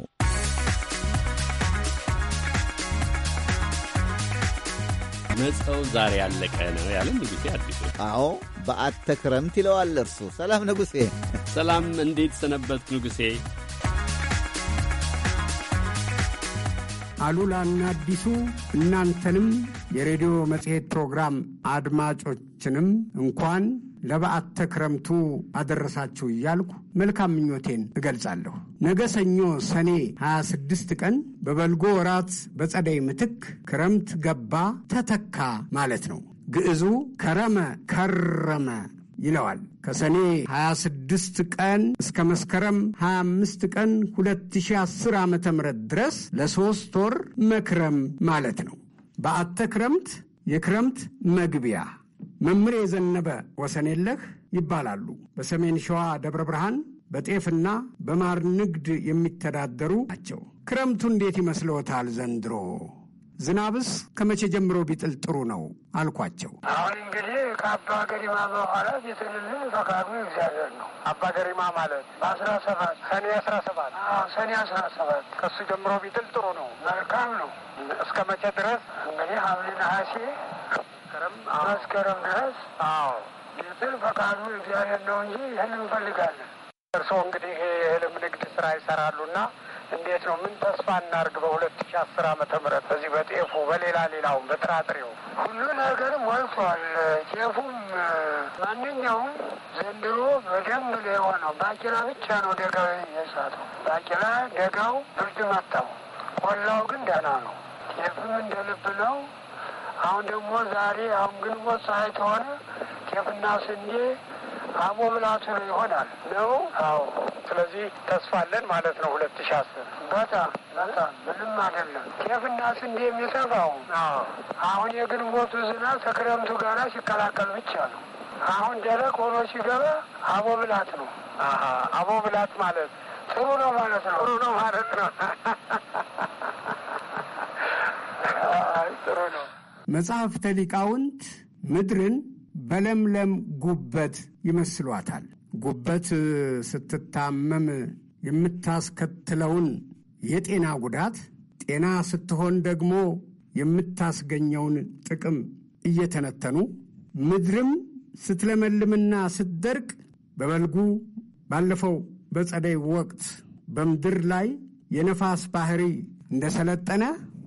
መጸው ዛሬ ያለቀ ነው ያለ ንጉሴ አዲሱ። አዎ በአተ ክረምት ይለዋል እርሱ። ሰላም ንጉሴ። ሰላም እንዴት ሰነበት ንጉሴ? አሉላና አዲሱ እናንተንም የሬዲዮ መጽሔት ፕሮግራም አድማጮችንም እንኳን ለበዓተ ክረምቱ አደረሳችሁ እያልኩ መልካም ምኞቴን እገልጻለሁ። ነገ ሰኞ ሰኔ 26 ቀን በበልጎ ወራት በጸደይ ምትክ ክረምት ገባ ተተካ ማለት ነው። ግዕዙ ከረመ ከረመ ይለዋል። ከሰኔ 26 ቀን እስከ መስከረም 25 ቀን 2010 ዓ ም ድረስ ለሦስት ወር መክረም ማለት ነው። በዓተ ክረምት የክረምት መግቢያ መምህር የዘነበ ወሰን የለህ ይባላሉ። በሰሜን ሸዋ ደብረ ብርሃን በጤፍና በማር ንግድ የሚተዳደሩ ናቸው። ክረምቱ እንዴት ይመስለዎታል ዘንድሮ? ዝናብስ ከመቼ ጀምሮ ቢጥል ጥሩ ነው አልኳቸው። አሁን እንግዲህ ከአባ ገሪማ በኋላ ቢጥልል ፈቃዱ እግዚአብሔር ነው። አባ ገሪማ ማለት በአስራ ሰባት ሰኔ አስራ ሰባት ሰኔ አስራ ሰባት ከሱ ጀምሮ ቢጥል ጥሩ ነው፣ መልካም ነው። እስከ መቼ ድረስ እንግዲህ ሐምሌ ነሐሴ መስከረም መስከረም ድረስ አዎ ይህትን ፈቃዱ እግዚአብሔር ነው እንጂ ይህን እንፈልጋለን። እርስዎ እንግዲህ የህልም ንግድ ስራ ይሰራሉ ይሰራሉና እንዴት ነው? ምን ተስፋ እናርግ? በሁለት ሺ አስር ዓመተ ምህረት በዚህ በጤፉ በሌላ ሌላውም በጥራጥሬው ሁሉ ነገርም ወልቷል። ጤፉም ማንኛውም ዘንድሮ በደንብ ነው የሆነው። ባቄላ ብቻ ነው ደጋ የሳተው። ባቂላ ደጋው ብርድ መጣው፣ ቆላው ግን ደህና ነው። ጤፍም እንደልብ ነው። አሁን ደግሞ ዛሬ አሁን ግንቦት ፀሐይ ከሆነ ጤፍና ስንዴ አሞብላቱ ነው ይሆናል ነው። አዎ ስለዚህ ተስፋ አለን ማለት ነው። ሁለት ሺ አስር በጣም በጣም ምንም አይደለም። ጤፍና ስንዴ የሚሰፋው አሁን የግንቦቱ ዝናብ ከክረምቱ ጋራ ሲቀላቀል ብቻ ነው። አሁን ደረቅ ሆኖ ሲገባ አቦብላት ነው። አቦብላት ማለት ጥሩ ነው ማለት ነው። ጥሩ ነው ማለት ነው። ጥሩ ነው። መጽሐፍተ ሊቃውንት ምድርን በለምለም ጉበት ይመስሏታል። ጉበት ስትታመም የምታስከትለውን የጤና ጉዳት፣ ጤና ስትሆን ደግሞ የምታስገኘውን ጥቅም እየተነተኑ ምድርም ስትለመልምና ስትደርቅ በበልጉ ባለፈው በጸደይ ወቅት በምድር ላይ የነፋስ ባህሪ እንደሰለጠነ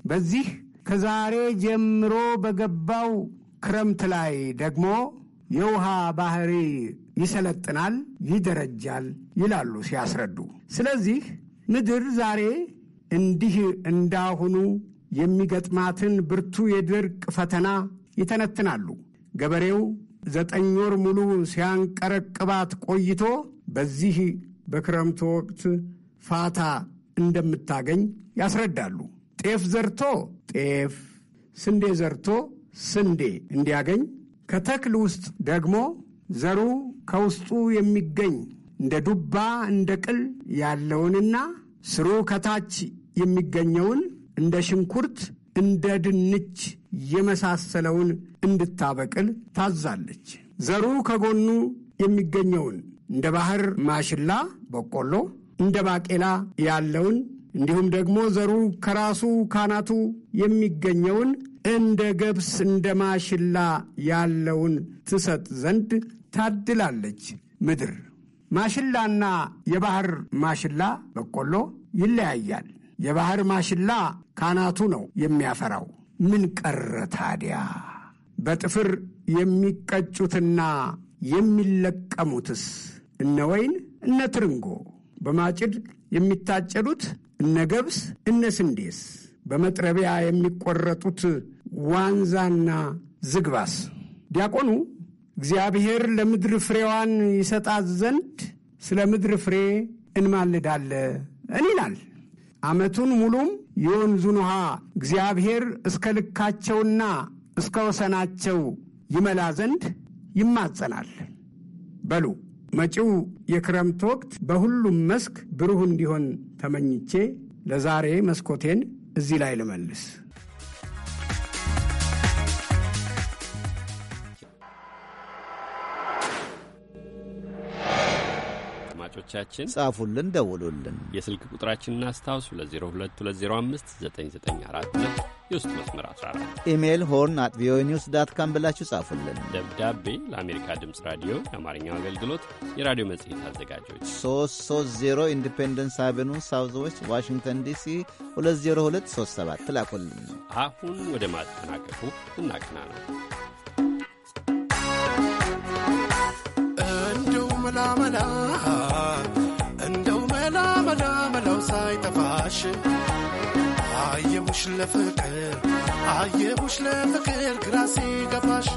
በዚህ ከዛሬ ጀምሮ በገባው ክረምት ላይ ደግሞ የውሃ ባህሪ ይሰለጥናል፣ ይደረጃል ይላሉ ሲያስረዱ። ስለዚህ ምድር ዛሬ እንዲህ እንዳሁኑ የሚገጥማትን ብርቱ የድርቅ ፈተና ይተነትናሉ። ገበሬው ዘጠኝ ወር ሙሉ ሲያንቀረቅባት ቆይቶ በዚህ በክረምቱ ወቅት ፋታ እንደምታገኝ ያስረዳሉ። ጤፍ ዘርቶ ጤፍ፣ ስንዴ ዘርቶ ስንዴ እንዲያገኝ ከተክል ውስጥ ደግሞ ዘሩ ከውስጡ የሚገኝ እንደ ዱባ እንደ ቅል ያለውንና ስሩ ከታች የሚገኘውን እንደ ሽንኩርት እንደ ድንች የመሳሰለውን እንድታበቅል ታዛለች። ዘሩ ከጎኑ የሚገኘውን እንደ ባህር ማሽላ በቆሎ፣ እንደ ባቄላ ያለውን እንዲሁም ደግሞ ዘሩ ከራሱ ካናቱ የሚገኘውን እንደ ገብስ እንደ ማሽላ ያለውን ትሰጥ ዘንድ ታድላለች ምድር። ማሽላና የባህር ማሽላ በቆሎ ይለያያል። የባህር ማሽላ ካናቱ ነው የሚያፈራው። ምን ቀረ ታዲያ? በጥፍር የሚቀጩትና የሚለቀሙትስ እነ ወይን እነ ትርንጎ፣ በማጭድ የሚታጨዱት እነ ገብስ እነ ስንዴስ በመጥረቢያ የሚቆረጡት ዋንዛና ዝግባስ ዲያቆኑ እግዚአብሔር ለምድር ፍሬዋን ይሰጣት ዘንድ ስለ ምድር ፍሬ እንማልዳለን ይላል። ዓመቱን ሙሉም የወንዙን ውሃ እግዚአብሔር እስከ ልካቸውና እስከ ወሰናቸው ይመላ ዘንድ ይማጸናል። በሉ መጪው የክረምት ወቅት በሁሉም መስክ ብሩህ እንዲሆን ተመኝቼ ለዛሬ መስኮቴን እዚህ ላይ ልመልስ። አድማጮቻችን ጻፉልን፣ ደውሉልን። የስልክ ቁጥራችንን አስታውስ 2022059942 የውስጥ መስመር 14። ኢሜይል ሆርን አት ቪኦኤ ኒውስ ዳት ካም ብላችሁ ጻፉልን። ደብዳቤ ለአሜሪካ ድምፅ ራዲዮ የአማርኛው አገልግሎት የራዲዮ መጽሔት አዘጋጆች 330 ኢንዲፔንደንስ አቬኑ ሳውዝ ዌስት ዋሽንግተን ዲሲ 20237 ላኩልን። አሁን ወደ ማጠናቀቁ እናቅና ነው። la መላመላው ሳይጠፋሽ አየሁሽ ለፍቅር አየሁሽ ለፍቅር ግራ ሲገባሽ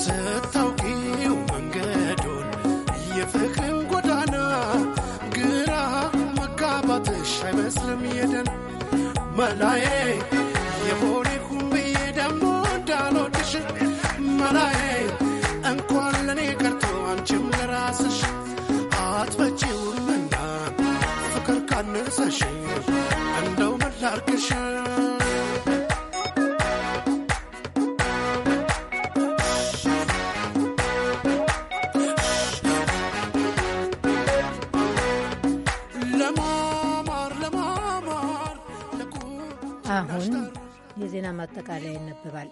ስታውቂው መንገዱን የፍቅርን ጎዳና ግራ መጋባትሽ አይመስልም የደን መላዬ አሁን የዜና ማጠቃለያ ይነበባል።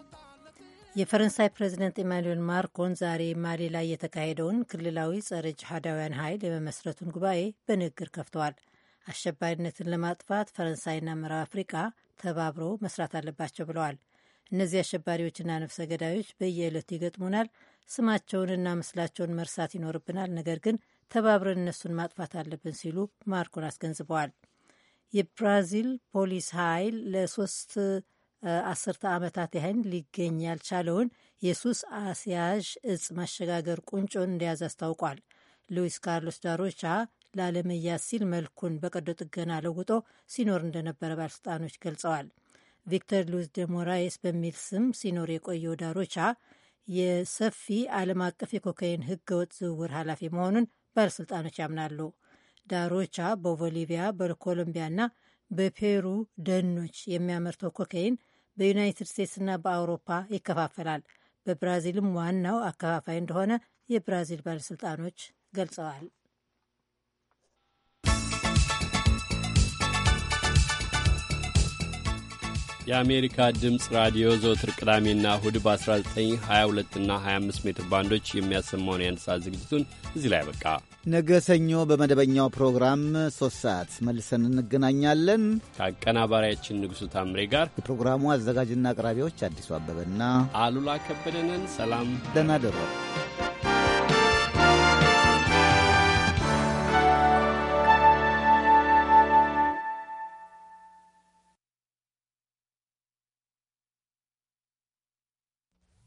የፈረንሳይ ፕሬዚደንት ኤማኑዌል ማርኮን ዛሬ ማሊ ላይ የተካሄደውን ክልላዊ ጸረ ጅሃዳውያን ኃይል የመመስረቱን ጉባኤ በንግግር ከፍተዋል። አሸባሪነትን ለማጥፋት ፈረንሳይና ምዕራብ አፍሪቃ ተባብሮ መስራት አለባቸው ብለዋል። እነዚህ አሸባሪዎችና ነፍሰ ገዳዮች በየዕለቱ ይገጥሙናል። ስማቸውንና ምስላቸውን መርሳት ይኖርብናል። ነገር ግን ተባብረን እነሱን ማጥፋት አለብን ሲሉ ማርኮን አስገንዝበዋል። የብራዚል ፖሊስ ኃይል ለሶስት አስርተ ዓመታት ያህል ሊገኝ ያልቻለውን የሱስ አስያዥ እጽ ማሸጋገር ቁንጮን እንደያዘ አስታውቋል። ሉዊስ ካርሎስ ዳሮቻ ላለመያዝ ሲል መልኩን በቀዶ ጥገና ለውጦ ሲኖር እንደነበረ ባለስልጣኖች ገልጸዋል። ቪክተር ሉዝ ደ ሞራይስ በሚል ስም ሲኖር የቆየው ዳሮቻ የሰፊ ዓለም አቀፍ የኮካይን ህገወጥ ዝውውር ኃላፊ መሆኑን ባለስልጣኖች ያምናሉ። ዳሮቻ በቦሊቪያ በኮሎምቢያና በፔሩ ደኖች የሚያመርተው ኮካይን በዩናይትድ ስቴትስና በአውሮፓ ይከፋፈላል። በብራዚልም ዋናው አከፋፋይ እንደሆነ የብራዚል ባለስልጣኖች ገልጸዋል። የአሜሪካ ድምፅ ራዲዮ ዘወትር ቅዳሜና እሁድ በ1922 እና 25 ሜትር ባንዶች የሚያሰማውን የአንድ ሰዓት ዝግጅቱን እዚህ ላይ በቃ። ነገ ሰኞ በመደበኛው ፕሮግራም ሶስት ሰዓት መልሰን እንገናኛለን ከአቀናባሪያችን ንጉሡ ታምሬ ጋር። የፕሮግራሙ አዘጋጅና አቅራቢዎች አዲሱ አበበና አሉላ ከበደንን። ሰላም ደናደሯል።